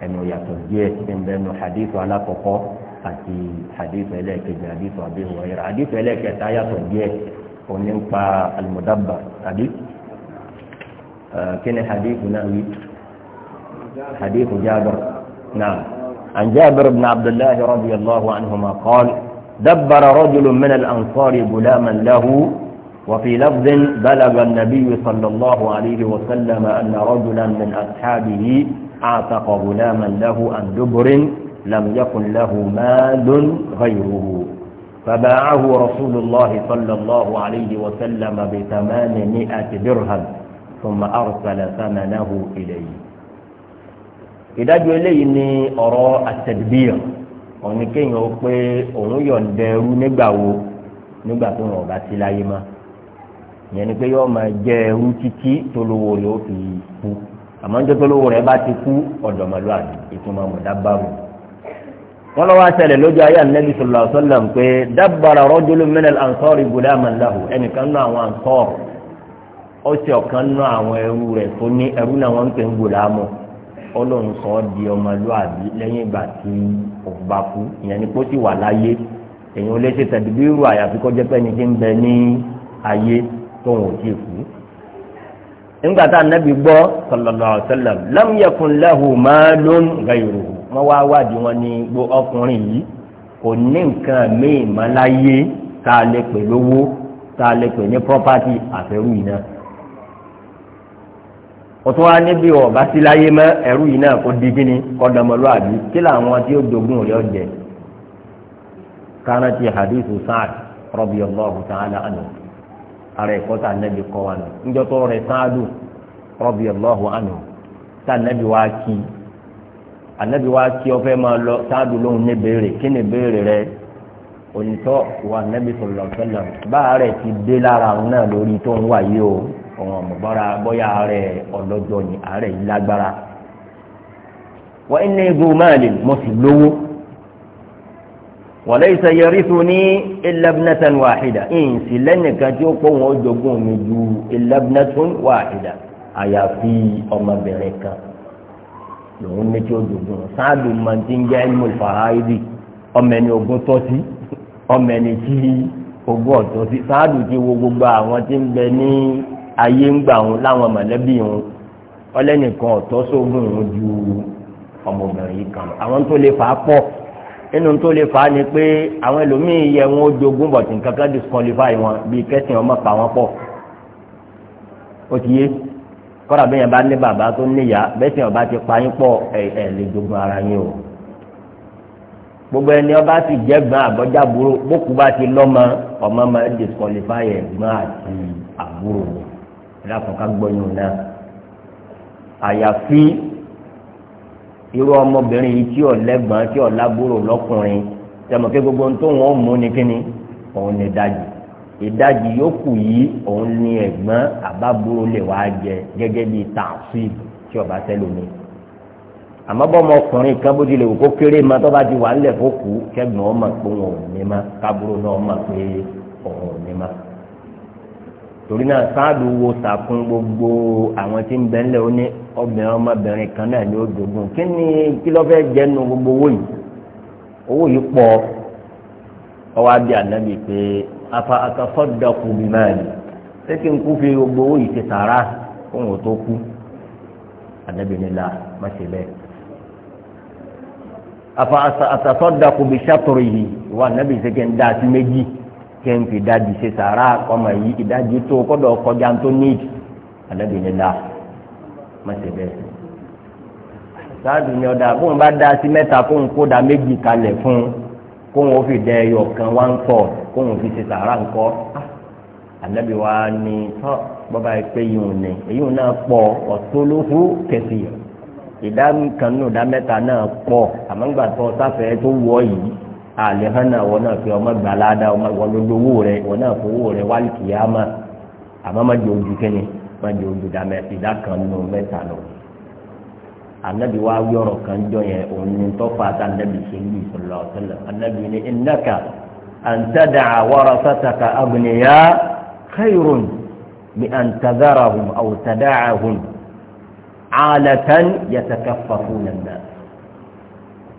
ẹnu yàtọ̀ díẹ̀ ẹnbẹ́nu hadith alákọ̀ọ́kọ́ àti hadith ẹlẹ́ẹ̀kejì hadith Abi Huraira hadith ẹlẹ́ẹ̀kẹta yàtọ̀ díẹ̀ òní ń pa al-Mudabbir kí ni hadith náà wí hadith Jabir. نعم عن جابر بن عبد الله رضي الله عنهما قال دبر رجل من الأنصار غلاما له وفي لفظ بلغ النبي صلى الله عليه وسلم أن رجلا من أصحابه أعتق غلاما له عن دبر لم يكن له مال غيره فباعه رسول الله صلى الله عليه وسلم بثمانمائة درهم ثم أرسل ثمنه إليه ìdájọ́ eléyìí ni ọ̀rọ̀ àtẹ̀dìbíyàn òní kéèyàn ó pé òun yọ̀ǹda ẹrú nígbà wo nígbà tó wọn ò bá sí láyé mọ́ ìyẹn ni pé yóò máa jẹ ẹrú títí tó lówó rẹ̀ ó fi kú àmọ́ ní tó lówó rẹ̀ bá ti kú ọ̀dọ̀mọlúwàbí ìtumọ̀ mọ̀dábàrún wọ́n lọ́wọ́ aṣẹlẹ̀ lójú ayé anabi sọlá sọlá ń pé dábàrà rọ́jòló mẹ́nẹ̀lì ansọ́ọ̀rì gbọdọ̀ àmàláhù ẹnìkan náà àwọn ansọ́ọ̀rì ó sì ọ̀kan náà àwọn ẹrú rẹ̀ tó ní ẹrú náà wọ́n ń pè ń gbọdọ̀ àmọ́ ọlọ́run sọ ọ́ di ọmọlúwàbí lẹ́yìn ìgbà tí ọba kú ìyẹn ni kó sì wà láyé èyàn ò lè ṣe tẹ̀dúbírù àyàfi kó jẹ́ pé ẹni tí ń bẹ ní ayé tóun ò tí ì kú. nígbà tá ànábì gbọ́ sallallahu alaihi wasallam lam yakun lahu malun ghayruhu wọ́n wá wádìí wọn ní gbó ọkùnrin yìí kò ní nǹkan míì mọ́ láyé tá a lè pè lówó tá a lè pè ní property àfẹ́rù yìí náà òtún wa níbi ọba sí láyé mọ́ ẹ̀rú yìí náà kó di kíni kọ́dọ̀mọlúwàbí kí làwọn tí ó dogun rẹ̀ ọ̀jẹ̀ kánàtì hadithu Sa'd radiyallahu ta'ala anhu ara ẹ̀kọ́ tá nẹ́bi kọ́ wa nù ńjọ́tọ́ rẹ̀ Sa'd radiyallahu anhu tá nẹ́bi wa kí anabi wa kí ọ fẹ́ máa lọ Sa'd lóhun ní béèrè kí ni béèrè rẹ̀ onítọ́ wa nẹ́bi sallallahu alaihi wasallam rẹ̀ ti dé lára àwọn náà lórí tó ń wáyé o ọ̀rọ̀ mọ̀bára bọ́yá rẹ̀ ọlọ́jọ́ ni àárẹ̀ yìí lágbára wọ́n ń ní ibú máa lè mo sì lówó wọ́n lẹ́yìn sẹ́yẹ rísun ní elabnatan wàhídà ìyìn sì lẹ́nìkan tí ó pọ̀ wọ́n jogún mi ju elabnatan wàhídà àyàfi ọmọbìnrin kan lòun ní tí ó jogún sáàdù mọ̀tí ẹ̀mú ìfàhàìdì ọmọ ẹni tọ́sí ọmọ ẹni tí ọ̀tọ́sí sáàdù ti wo gbogbo àwọn tí ń bẹ ní ayé ń gbà wọn láwọn mọ̀lẹ́bí wọn ọlẹ́nìkan ọ̀tọ́ sógun wọn ju ọmọbìnrin yìí kan àwọn tó lè fà á pọ̀ nínú tó lè fà á ni pé àwọn ẹlòmíín yẹ wọn ó jogún bọ̀tì nǹkan kan disqualify wọn bíi kẹ́sìn ọmọ pa wọn pọ̀ ó ti yé kọ́ra bẹ́yẹn bá ní bàbá tó níyà bẹ́sẹ̀ ọba ti pa yín pọ̀ ẹ̀ ẹ̀ lè jogún ara yín o gbogbo ẹni ọba ti jẹ́ àbọ́jà búrò bókú bá ti lọ́mọ ọmọ máa disqualify ẹ̀ gbọ́n àti àbúrò wọn ẹ̀dá kan ká gbọ́yìn náà àyàfi irú ọmọbìnrin yìí tí ò lẹ́gbọ̀n tí ò lábúrò lọ́kùnrin tẹmọ pé gbogbo ohun tó wọn mú ni kíni òun ni ìdajì ìdajì yòókù yìí òun ni ẹ̀gbọ́n àbábúrò lè wá jẹ gẹ́gẹ́ bí tààfì tí ọba sẹ́lómi àmọ́ bọ́ ọmọkùnrin kan bó ti wò kó kéré ma tó ti wà ńlẹ̀ fó kú kẹ́gbọ̀n ọmọ pé òun ò ní ma kábúrò náà ọmọ pé òun ò ní ma torí náà sáàdù wo sàkún gbogbo àwọn tí ń bẹ ńlẹ̀ ó ní obìnrin ọmọbìnrin kan náà ni ó dogun kí ni kí ló fẹ́ jẹ́nu gbogbo owó yìí owó yìí pọ̀ ọwọ́ abí ànábì pé afa akafọ́dọ̀kù bí máa yìí ṣé kí n kú fi gbogbo owó yìí ti sàrà fún òun tó kú ànábì nílá má ṣe bẹ́ẹ̀ afa akafọ́dọ̀kù bí sátọ̀rọ̀ yìí ìwà ànábì ṣe kí n dá sí méjì kẹ́ ń fi ìdajì ṣe sàrà ọmọ yìí ìdajì tó kọ́dọ̀ kọjá tó níìdì ànábì ní la má ṣe bẹ́ẹ̀. sáàdù ni ọ̀dà fóun bá da sí mẹ́ta fóun kó da méjì kalẹ̀ fún kóun ó fi dẹ ẹyọ kan wá ń pọ̀ kóun fi ṣe sàrà ńkọ́ ah! ànábì wa ni tọ́ bọ́ba yìí pé yìí ni èyí náà pọ̀ ọ̀tólófó kẹsì ìdá kan nù ìdá mẹ́ta náà pọ̀ àmọ́ ńgbà tó sáfẹ́ tó wọ̀ yìí àlẹ́ hàn náà wọ́n náà fi ọmọ gbà ládàá ọmọ wọn ló lówó rẹ̀ wọ́n náà fowó rẹ̀ wálé kìyàmà àmọ́ má jẹ ojú kẹ́ni má jẹ ojú dàmẹ́ ìdá kan nù mẹ́ta lọ. anabi wa yọrọ kan jọ yẹn òun tọ́fà tá anabi ṣe ń yí sọlọ sọlọ anabi ni innaka àǹtẹ̀dà àwọ̀rọ̀ sàtàkà agniya khayrun bi àǹtẹ̀dàrà hùn àwòtẹ̀dàrà hùn àlàtàn yàtàkà fàfún nàá.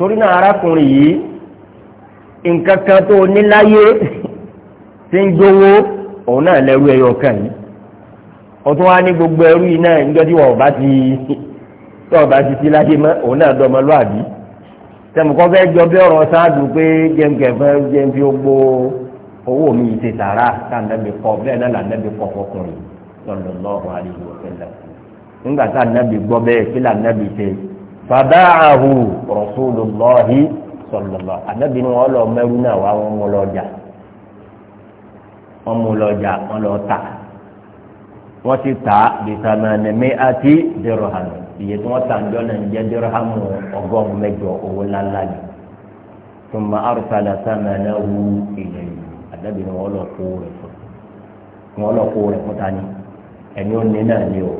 torí náà arákùnrin yìí nǹkan kan tó níláyé tí ń gbowó òun náà lẹ́rú ẹyọ kan yìí ó wá ní gbogbo ẹrú yìí náà níjọ́ tí wọ́n bá ti tí wọ́n bá ti ti láyé mọ́ òun náà dọmọlúàbí tẹmukọ́ fẹ́ jọ bí ṣáàdù pé owó mi yìí ti tààrà bẹ́ẹ̀ náà lànẹ́bí fọkùnrin fàbáàhù rọ̀ṣúlùlọ́hì sọ̀lọ̀lọ̀ àdàbí ni wọ́n lọ mẹ́rú náà wá wọn mú lọ́jà wọ́n mú lọ́jà wọ́n lọ tà wọ́n ti tà bìtàmánẹ́mí àti dèròhàmù iye tí wọ́n tà ń jọ́ náà ń jẹ́ dèròhàmù ọgọ́rùn mẹ́jọ owó ńláńlá ni tuma arusala samana wu ilẹ̀ yìí àdàbí ni wọ́n lọ kó rẹ̀ fún wọ́n lọ kó rẹ̀ fún tani ẹni ó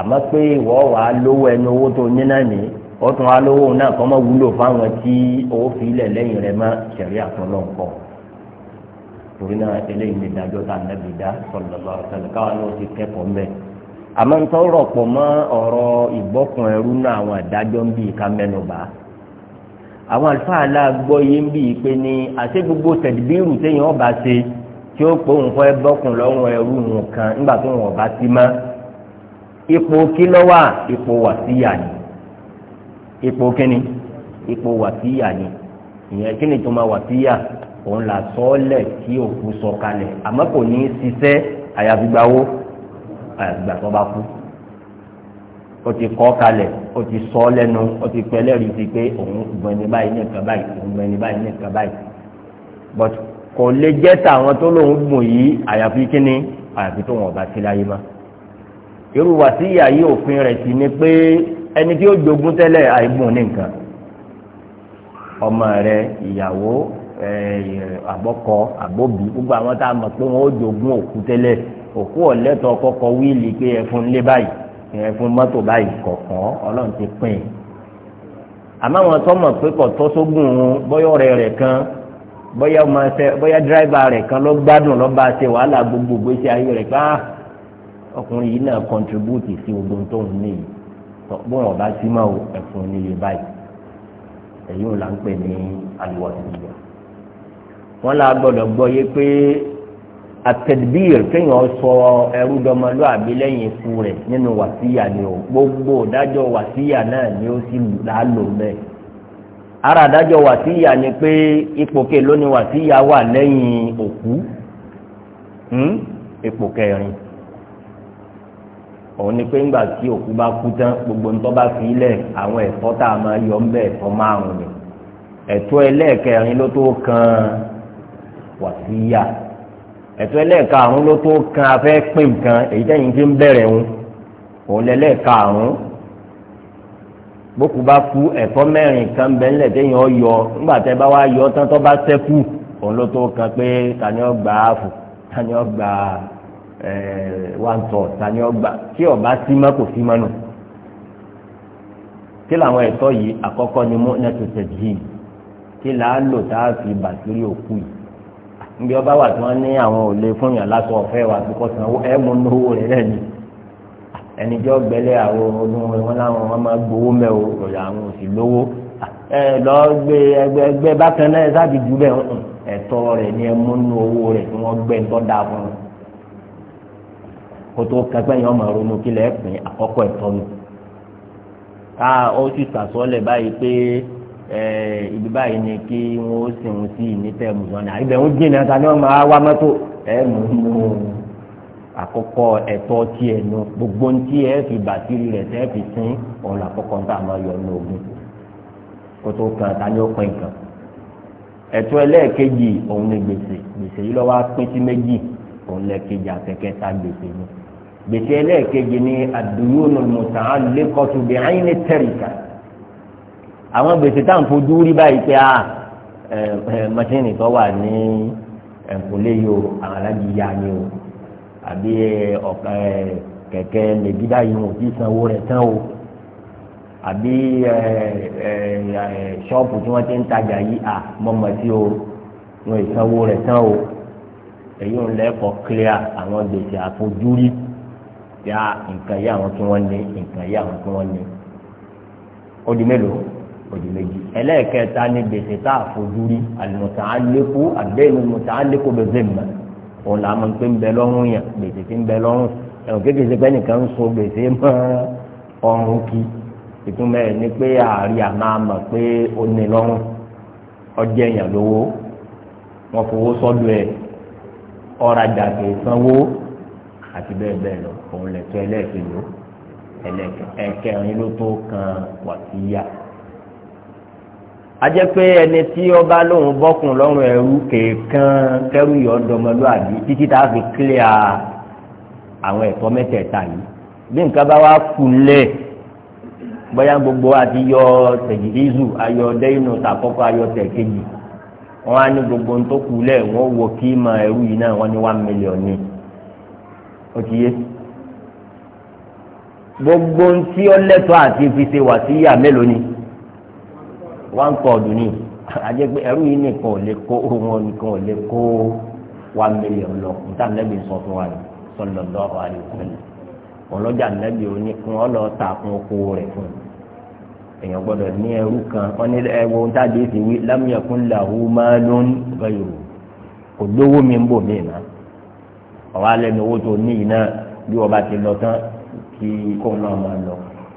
àmọ́ pé ìwọ wà á lówó ẹnu owó tó ní náà ní ó tún wá lówó náà kọ́ mọ́ wúlò fáwọn tí owó fi ilẹ̀ lẹ́yìn rẹ̀ mọ́ sẹ̀rí àtúnlọ̀ nǹkọ́ torí náà eléyìí ní ìdájọ́ tá a nẹ́bi dá sọ̀lọ̀lọ̀ sọ̀lọ̀ káwọn náà ti kẹ́kọ̀ọ́ mẹ́ àmọ́ nítorí rọ̀pọ̀ mọ́ ọ̀rọ̀ ìgbọ́kùn ẹrú náà àwọn ìdájọ́ ń bí ká mẹ́nubà àwọn àlùfáà aláàgbọ́ yé ń bí pé ní àṣẹ gbogbo tẹ̀díbírù téèyàn ọba ṣe tí ó pé òun fọ́ ẹ bọ́kùn ẹrú nǹkan nígbà tó wọn ọba ti máa ipò kilowa, ipò wàsíyà ni ipò kíni ipò wàsíyà ni ìyẹn kíni tó máa wàsíyà òun là sọ́ọ́lẹ̀ kí òkú sọ kalẹ̀ àmọ́ kò ní í ṣiṣẹ́ àyàfi gbawó àyàfi gbà tó bá kú ó ti kọ́ kalẹ̀ ó ti sọ lẹ́nu ó ti pẹ́ lẹ́rìí sí pé òun gbọ́n ní báyìí ní nǹkan báyìí òun gbọ́n ní báyìí ní nǹkan báyìí but kò lè jẹ́ tàwọn tó lóun gbùn yìí àyàfi kíni àyàfi tó wọn ọba sí láyé máa irú wàsíyà yìí òfin rẹ̀ sì ni pé ẹni tí ó jogún tẹ́lẹ̀ àìbùn ní nǹkan ọmọ rẹ̀ ìyàwó àbọ̀kọ àbóbí gbogbo àwọn tá a mọ̀ pé wọ́n ó jogún òkú tẹ́lẹ̀ òkú ọ̀lẹ́tọ̀ kọ́kọ́ wíìlì pé ẹ fún ilé báyìí ẹ fún mọ́tò báyìí kọ̀ọ̀kan ọlọ́run ti pín in àmọ́ àwọn tó mọ̀ pé kò sógun òun bóyá rẹ̀ rẹ̀ kan ló gbádùn ṣe wàhálà gbogbo ọkùnrin yìí náà kọntribúùtì sí ogun tó ń ní yìí bọ́n ọba sí máa ẹ̀fọn níye báyìí èyí ò là ń pè ní àlùwàsíyà wọn là gbọ́dọ̀ gbọ́ yé pé àtẹ̀dbíir kéèyàn sọ ẹrú dọmọlúàbí lẹ́yìn ikú rẹ̀ nínú wàsíyà ni o gbogbo ìdájọ́ wàsíyà náà ni ó sì lálò bẹ́ẹ̀ ara ìdájọ́ wàsíyà ni pé ipò kelo ni wàsíyà wà lẹ́yìn òkú hmm? ipò kẹrin. Hmm? òun ni pé ńgbà tí òkú bá kú tán gbogbo ń tó bá fi lẹ̀ àwọn ẹ̀tọ́ tá a máa yọ ńbẹ̀ ẹ̀tọ́ márùn-ún ni ẹ̀tọ́ ẹlẹ́ẹ̀kẹrin ló tó kan wàsíyà ẹ̀tọ́ ẹlẹ́ẹ̀karùn ló tó kan afẹ́ pé nǹkan èyí tẹ́yìn ti ń bẹ̀rẹ̀ ń òun lẹ́lẹ́ẹ̀karùn bókú bá kú ẹ̀tọ́ mẹ́rin kan bẹ́ńlẹ̀ tẹ́yìn ọ yọ ńgbà tẹ́ bá wá yọ tán tó bá sẹ́kù òun ló tó kan pé ta ni gbà á fò ta ni gbà á. Eh, one third tani ọgbà tí ọba sí mọ́ kò sí mọ́ nù kí làwọn ẹ̀tọ́ yìí àkọ́kọ́ ni mo ní ẹ̀tọ́ tẹ̀jìn kí là lò tá a fi bàtírí òkú yìí níbi ọba wà tí wọ́n ní àwọn ò lè fún yàn lásán ọ̀fẹ́ wa kíkọ́ san ẹ mú lówó rẹ̀ rẹ̀ ni ẹnìjọ́ àwọn olóhùn wọn láwọn wọn máa gbowó mẹ́ o ròyìn àwọn ò sì lówó ẹ lọ gbé ẹgbẹ́ ẹgbẹ́ bákan náà ẹ sábì jù bẹ́ẹ̀ ẹ̀tọ́ rẹ̀ ni ẹ mú lówó rẹ̀ tí wọ́n gbẹ́ ń tọ́ da fún un kótó kagbẹ́yìn ọmọ ronú kílẹ̀ ẹ̀pìn àkọ́kọ́ ẹ̀tọ́ mi. ká ó sì sàsọ́lẹ̀ báyìí pé ibi báyìí ni kí wọ́n ó sìn sí ìnítẹ̀ mùsọ̀nà ibẹ̀ ń jìnnà ta ni wọ́n máa wá mọ́tò ẹ̀ mú mú àkọ́kọ́ ẹ̀tọ́ tiẹ̀ nu gbogbo ń tí ẹ̀ fi bàtírí rẹ̀ tẹ́ fi sín ọ̀nà àkọ́kọ́ tá a máa yọ ní ogun kótó kan ta ni ó pín kan ẹ̀tọ́ ẹlẹ́ẹ̀kejì òun ni gbèsè gbèsè yìí lọ́wọ́ á pín sí méjì òun lẹ́ẹ̀kejì àtẹ̀kẹta gbèsè ni gbèsè ẹlẹ́ẹ̀kejì ni àdúyónù mùtàlẹ́kọ̀tù bí àyìn tẹ̀ríkà àwọn gbèsè tá à ń fojú rí báyìí pé a ah, mọ́ṣínì tó wà ní ẹ̀kúnlé yìí o àwọn alájí ya ni o àbí kẹ̀kẹ́ lẹ́gídá yìí wọn ti ń tajà yìí a ah, mọ̀mọ́ o wọn ì sanwó rẹ̀ tán o èyí ń lẹ́kọ̀ọ́ clear àwọn gbèsè àfojúrí yá nǹkan yá àwọn tí wọ́n ní nǹkan yá àwọn tí wọ́n ní ó di mélòó ó di méjì ẹlẹ́ẹ̀kẹta ni gbèsè tá a fojú rí àlùmọ̀tà alẹ́kù àbẹ́ẹ̀lú mọ̀tà alẹ́kù bẹ̀rẹ̀ mọ̀ òun là á mọ̀ pé ń bẹ lọ́rùn yẹn gbèsè ti ń bẹ lọ́rùn ẹ̀rùn kékeré pé nìkan ń so gbèsè mọ́ ọrùn kí ìtumọ̀ ẹ̀ ni pé àárí àmà mọ̀ pé ó ní lọ́rùn ọjẹ́ èèyàn lówó wọ́n fowó sọ́dọ̀ ẹ̀ ọ̀rajà kì í sanwó òun lè tó ẹlẹ́ẹ̀kejì ẹ̀kẹrin ló tó kan wàsíyà a jẹ́ pé ẹni tí ọba lóun bọ́kùn lọ́rùn ẹrú kẹ̀ẹ̀kan kẹrù yọ ọdọmọlúwàbí títí tá a fi kílíà àwọn ẹ̀tọ́ mẹ́tẹ̀ẹ̀ta yìí bí nǹkan bá wá kúnlẹ̀ bóyá gbogbo àti yọ tẹ̀jìdízù ayọ̀ dẹ́yìnù tàkọ́kọ́ ayọ̀ tẹ̀kejì wọ́n á ní gbogbo ń tó kúnlẹ̀ wọ́n wọ kí mà ẹrú yìí náà wọ́n ní one million ní ó ti yé sí gbogbo ntí ọlẹ́tọ̀ àti ìfisè wà sí ìyá mélòó ni one third ni àjẹ́ pé ẹrú yìí nìkan ò lè kó wọn nìkan ò lè kó one million lọ níta nẹ́bí sọ fún wa ni sọlọ́dọ́ àlùkùnrin ọlọ́jà nẹ́bí òní kún ọ lọ ta kún oko rẹ̀ fún èèyàn gbọ́dọ̀ ní ẹrú kan wọ́n ní ẹwọ ń tàdé sí wí lámìyẹ̀kún làwọn máa ló ń gbẹ̀yò kò lówó mi ń bò mí náà ọ̀wá lẹ́nu owó tó ní iná bí wọ́n bá ti lọ tán kí kó náà máa lọ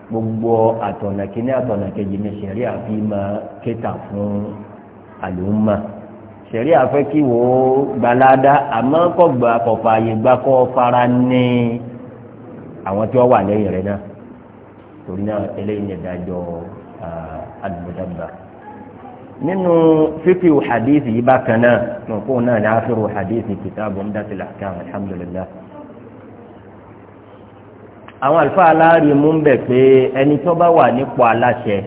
gbogbo àtọ̀nà kínní àtọ̀nà kejì ni sẹ̀rí àfi máa kéta fún àlùmọ́ sẹ̀rí àfẹ́ kí wò ó gbalada àmọ́ kọ́ gba kọ̀fà àyè gba kọ́ fara ní àwọn tí wọ́n wà lẹ́yìn rẹ̀ náà torí náà eléyìí ni ìdájọ́ àdùmọ̀dàgbà nínú fífi hadithi yìí bákan náà kóun náà ní àfẹ́rù hadithi kìtàbù ń dá sílẹ̀ àkàn alhamdulillah àwọn àlùfáà aláàrí mú bẹ̀ pé ẹni tó bá wà nípò aláṣẹ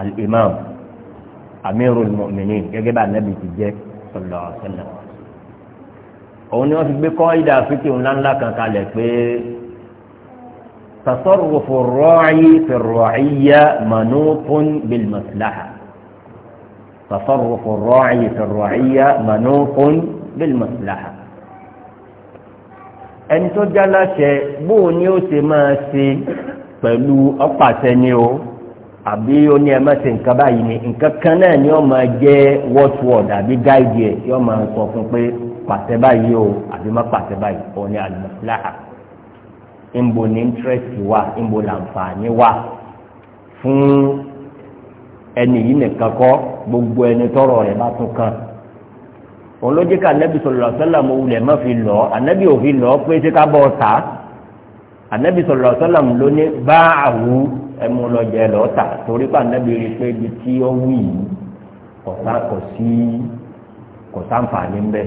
al-imam amirul mu'minin gẹ́gẹ́ bá anabi ti jẹ́ sallallahu alaihi wasallam òun ni wọ́n fi gbé kọ́ ìdá ńláńlá kan kalẹ̀ pé tasarrufu ar fi ar-ra'iyya manutun bil maslaha tasarrufu ar fi ar-ra'iyya manutun bil maslaha. ẹni tó já láṣẹ bóò ni ó ṣe máa ṣe pẹ̀lú ni o àbí ó ní ẹ má nǹkan báyìí ni nǹkan kan náà ni ó máa jẹ́ word àbí guide ẹ̀ yóò máa sọ fún pé pàṣẹ báyìí o àbí má pàṣẹ báyìí o ní àlùmọ́láhà ńbo ní wa ńbo làǹfààní wa fún ẹni yìí gbogbo ẹni tọrọ òun ló jẹ́ ká anabi sọ̀rọ̀ sọ́là mo wulẹ̀ má fi lọ anabi ò fi lọ pé ṣé ká bọ̀ ta anabi sọ̀rọ̀ sọ́là mo ló ní bá àwù ẹmu lọ jẹ lọ ta torí pé anabi rí pé ibi tí ó wù yìí kọ̀sá kò sí kọ̀sá nfààní ń bẹ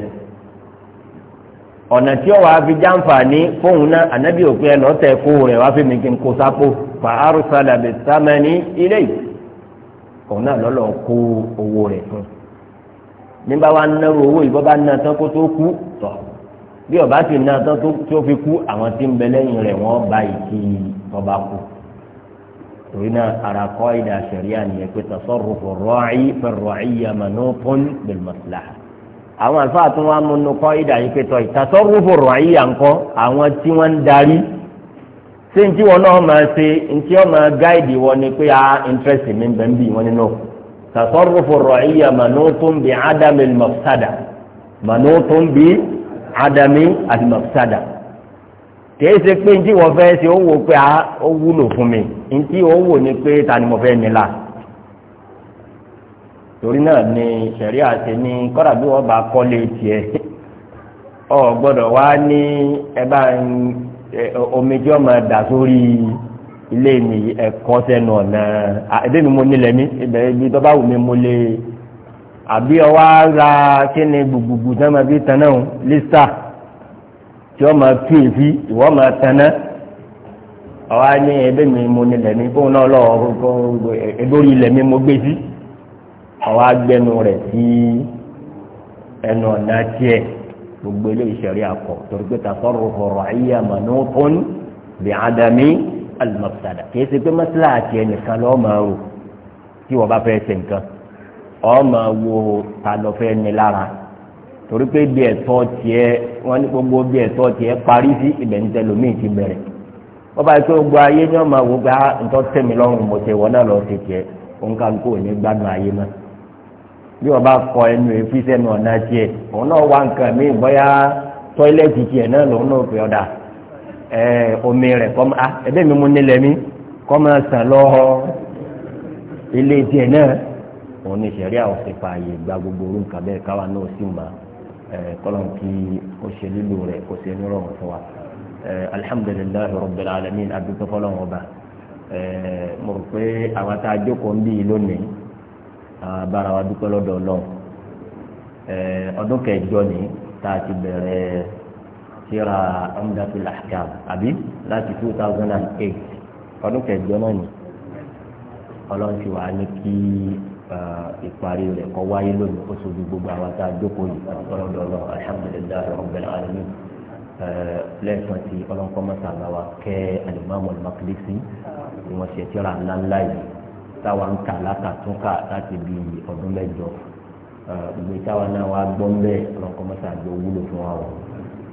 ọ̀nà tí ó wàá fi jàǹfààní fóun náà anabi ò pé ẹ lọ́ọ́ kó rẹ̀ wá fi mi kí n kó sápò fa arúsálà sámẹ́ni ilé yìí lọ́lọ́ kó owó rẹ̀ fún un nígbà wa ń náwó owó ìbọn bá ná tán kó tó kú tọ̀ bí ọba ti ná tán tó fi kú àwọn tí ń bẹ lẹ́yìn rẹ̀ wọ́n bá ìkí ọba kú torí náà ara kọ́ ìdá sẹ̀ríà nìyẹn pé tasọ́rù kò rọ́ọ̀ì fẹ̀rọ̀ọ̀ì yamanu pọ́n bẹ̀lmọ̀sílà àwọn àlùfáà tó wà múnú kọ́ ìdá yìí pé tọ́yì tasọ́rù kò yà ń àwọn tí wọ́n ń darí ṣé ntí wọn náà máa ṣe ntí wọn máa gáìdì wọn ni pé ah interest mi ń bẹ ń bì wọn nínú òkú تصرف rọ̀ọ́yà منوط بعدم المفسدة منوط بعدم المفسدة. adami mafsada kìí ṣe pé ní tí wọ́n fẹ́ ṣe ó wò pé ah, ó wúlò fún mi ní tí ó wò ní pé ta ni mo fẹ́ nílà torí náà ni sẹ̀rí àti ní kọ́dà bí wọ́n bá kọ́lé tiẹ̀ [LAUGHS] ọ gbọ́dọ̀ wá ní ẹ bá omi tí máa dà sórí yìí ilé mi ẹ̀kọ́ sẹ́nu ọ̀nà ẹbí mi mo nílẹ̀ mi ibẹ̀ ibi tó bá wù mí mo lè àbí ọwọ́ ra kí ni gbùgbùgbù tí wọ́n máa fi tan náà lista tí wọ́n máa tún èfi ìwọ́ máa tan náà ọwọ́ ní ẹbí mi mo nílẹ̀ mi fóun náà lọ́wọ́ lórí ilẹ̀ mi mo gbé sí ọwọ́ agbẹnu rẹ̀ sí ẹnu ọ̀nà tiẹ̀ gbogbo ilé ìṣẹ̀rí akọ̀ torí pé tàtọ́rọ̀ fọ̀rọ̀ ayé àmàlú tó bí alimọ̀tàdà kìí ṣe pé mọ́sálà àti ẹnìkan lọ́ọ́ máa rò tí wọ́n bá fẹ́ ṣe nǹkan ọ́ máa wo ta lọ fẹ́ ní lára torí pé bí ẹ̀tọ́ tiẹ̀ wọ́n ní gbogbo bí ẹ̀tọ́ tiẹ̀ parí sí ibẹ̀ ń tẹ lómi ti bẹ̀rẹ̀ wọ́n bá ah, tó gbọ́ ayé ní ọmọ àwọn gba ntọ́ tẹ̀mí lọ́rùn mo ṣe wọ́n náà lọ́ọ́ ṣe tiẹ̀ òun kà ń kó ní gbádùn ayé mọ́ bí wọ́n bá kọ ẹnu èéfín ọ̀nà tiẹ̀ òun náà wá nǹkan mí bọ́yá tọ́ílẹ̀tì tiẹ̀ náà lòun náà fi ọ̀dà omi rẹ̀ kọ́mọ ebe ẹ̀bẹ́ mi mú nílẹ̀ mi kọ́mọ sàn lọ ilé tiẹ̀ náà òun ní sẹ̀rí àwọn fààyè gba gbogbo orú nǹkan bẹ́ẹ̀ káwa náà sì kọ́lọ́n kí ó ṣe lílo rẹ̀ kó ṣe ní rọrùn fún wa ọba mo rò a jókòó ń síra Umdatul Ahkam àbí láti two thousand and eight ọdún kẹjọ náà ni ọlọ́run ti wà ní kí ìparí rẹ̀ kọ́ wáyé lónìí kó sojú gbogbo àwọn tá a jókòó yìí ọlọ́dọọlọ́ alhamdulilayi rabbil alamin lẹ́ẹ̀kan tí ọlọ́nkọ́mọ́sá àgbàwá kẹ́ alimami al-Maqdisi ni wọ́n ṣe tíra ńláńlá yìí táwa ń kà látàtúnkà láti bí ọdún mẹ́jọ gbogbo táwa náà wá gbọ́n bẹ́ẹ̀ ọlọ́nkọ́mọ́sá àgbà wúlò fún wa wọ̀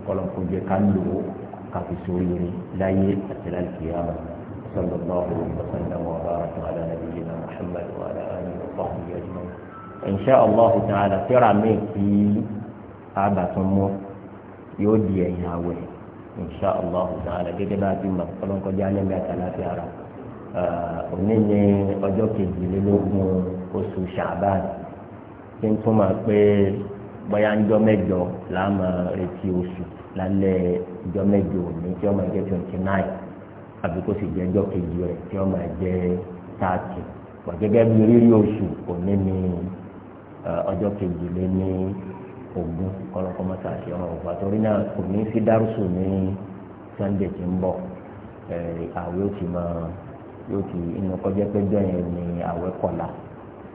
kọlọ̀kọ̀ jẹ́ ká lò ó káfí sórí rẹ̀ láyé àti lálùkìyàmà صلى الله وسلم وبارك على نبينا محمد وعلى اله وصحبه اجمعين ان شاء الله تعالى ترى ميكي ابا سمو يودي يا وي ان شاء الله تعالى gẹ́gẹ́ bá ti mọ̀ Ọlọ́run kọjá lẹbi àtàlàfi ara òní ní ọjọ́ kejìlélógún oṣù ṣàbáàdì tí ń túmọ̀ pé bóyá ń jọ mẹ́jọ láàmú retí oṣù lálẹ́ ìjọ mẹ́jọ òní tí ọmọ ẹ̀jẹ̀ twenty nine àbí kó sì jẹ́ ẹjọ́ kejì rẹ̀ tí ọmọ ẹ̀jẹ̀ thirty pọ̀ gẹ́gẹ́ bí rírí oṣù òní ni ọjọ́ kejì lé ní ogún kọlọ́kọ́ mọ́ta àti ọmọ ògbà torí náà kò ní sí dárúsù ní sunday tí ń bọ̀ àwẹ̀ ó ti máa yóò ti inú kọjá pé jọyìn ní àwẹ̀ kọlà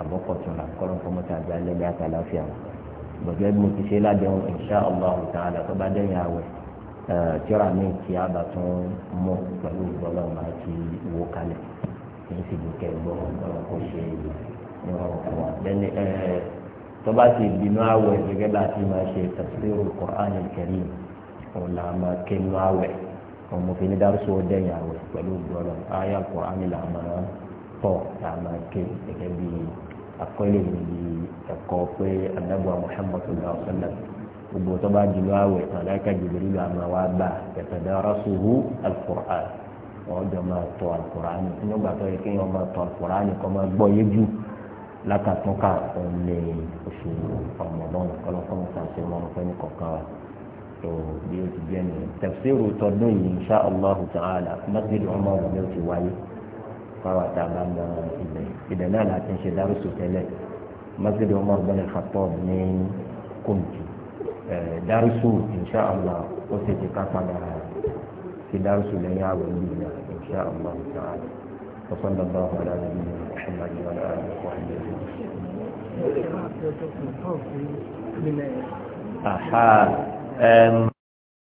àbọ̀kọ̀tún là kọlọ́kọ́ mọ́ta àti alẹ́ ní àtàláfíà wọn gbọ̀gbẹ́ bí mo ti ṣe ládéhùn insha allah ta'ala tó bá dẹ́yìn àwẹ̀ tíra mi ti àbá tún mú pẹ̀lú ìgbọ́lọ́ máa ti wó kalẹ̀ kì í sì bí kẹ́ gbọ́ ọ̀rọ̀ kó ṣe ìrọ̀rùn fún wa lẹ́ni tó bá ti bínú àwẹ̀ gẹ́gẹ́ bá ti máa ṣe tafsirul Qur'an al-Karim òun là máa ké nú àwẹ̀ òun mo fi ní dárúsọ dẹ́yìn àwẹ̀ pẹ̀lú ìgbọ́lọ́ ayé Qur'an ké gẹ́gẹ́ bíi àkọlé níbi ẹ̀kọ́ pé anábọ̀ Muhammad sallallahu alaihi wasallam gbogbo tó bá jùlọ àwẹ̀ màláìka jìbìrì lọ àmà wá bá yatadarasuhu al-Qur'an wọ́n jọ máa tọ́ al-Qur'an nínú ìgbà tó yẹ kí wọ́n máa tọ́ al-Qur'an kọ́ máa gbọ́ oṣù Ramadan kọ́lọ́kọ́ mọ́ta ṣe wọn fẹ́ ní kọ̀ọ̀kan wa tó bí ó ti jẹ́ nìyẹn tafsiru tọdún yìí insha Allah ta'ala masjid Umar ló ti wáyé fáwọn àtàbà lọ ilẹ̀ ibẹ̀ náà láti ń ṣe dárúsù tẹ́lẹ̀ mọ́sídìí Umar bin Khattab ní kóńtù dárúsù insha Allah ó sì ti ká padà sí dárúsù lẹ́yìn àwọn ìlú náà insha Allah ta'ala wa sallallahu ala nabiyyina Muhammad wa ala alihi wa sahbihi. aha.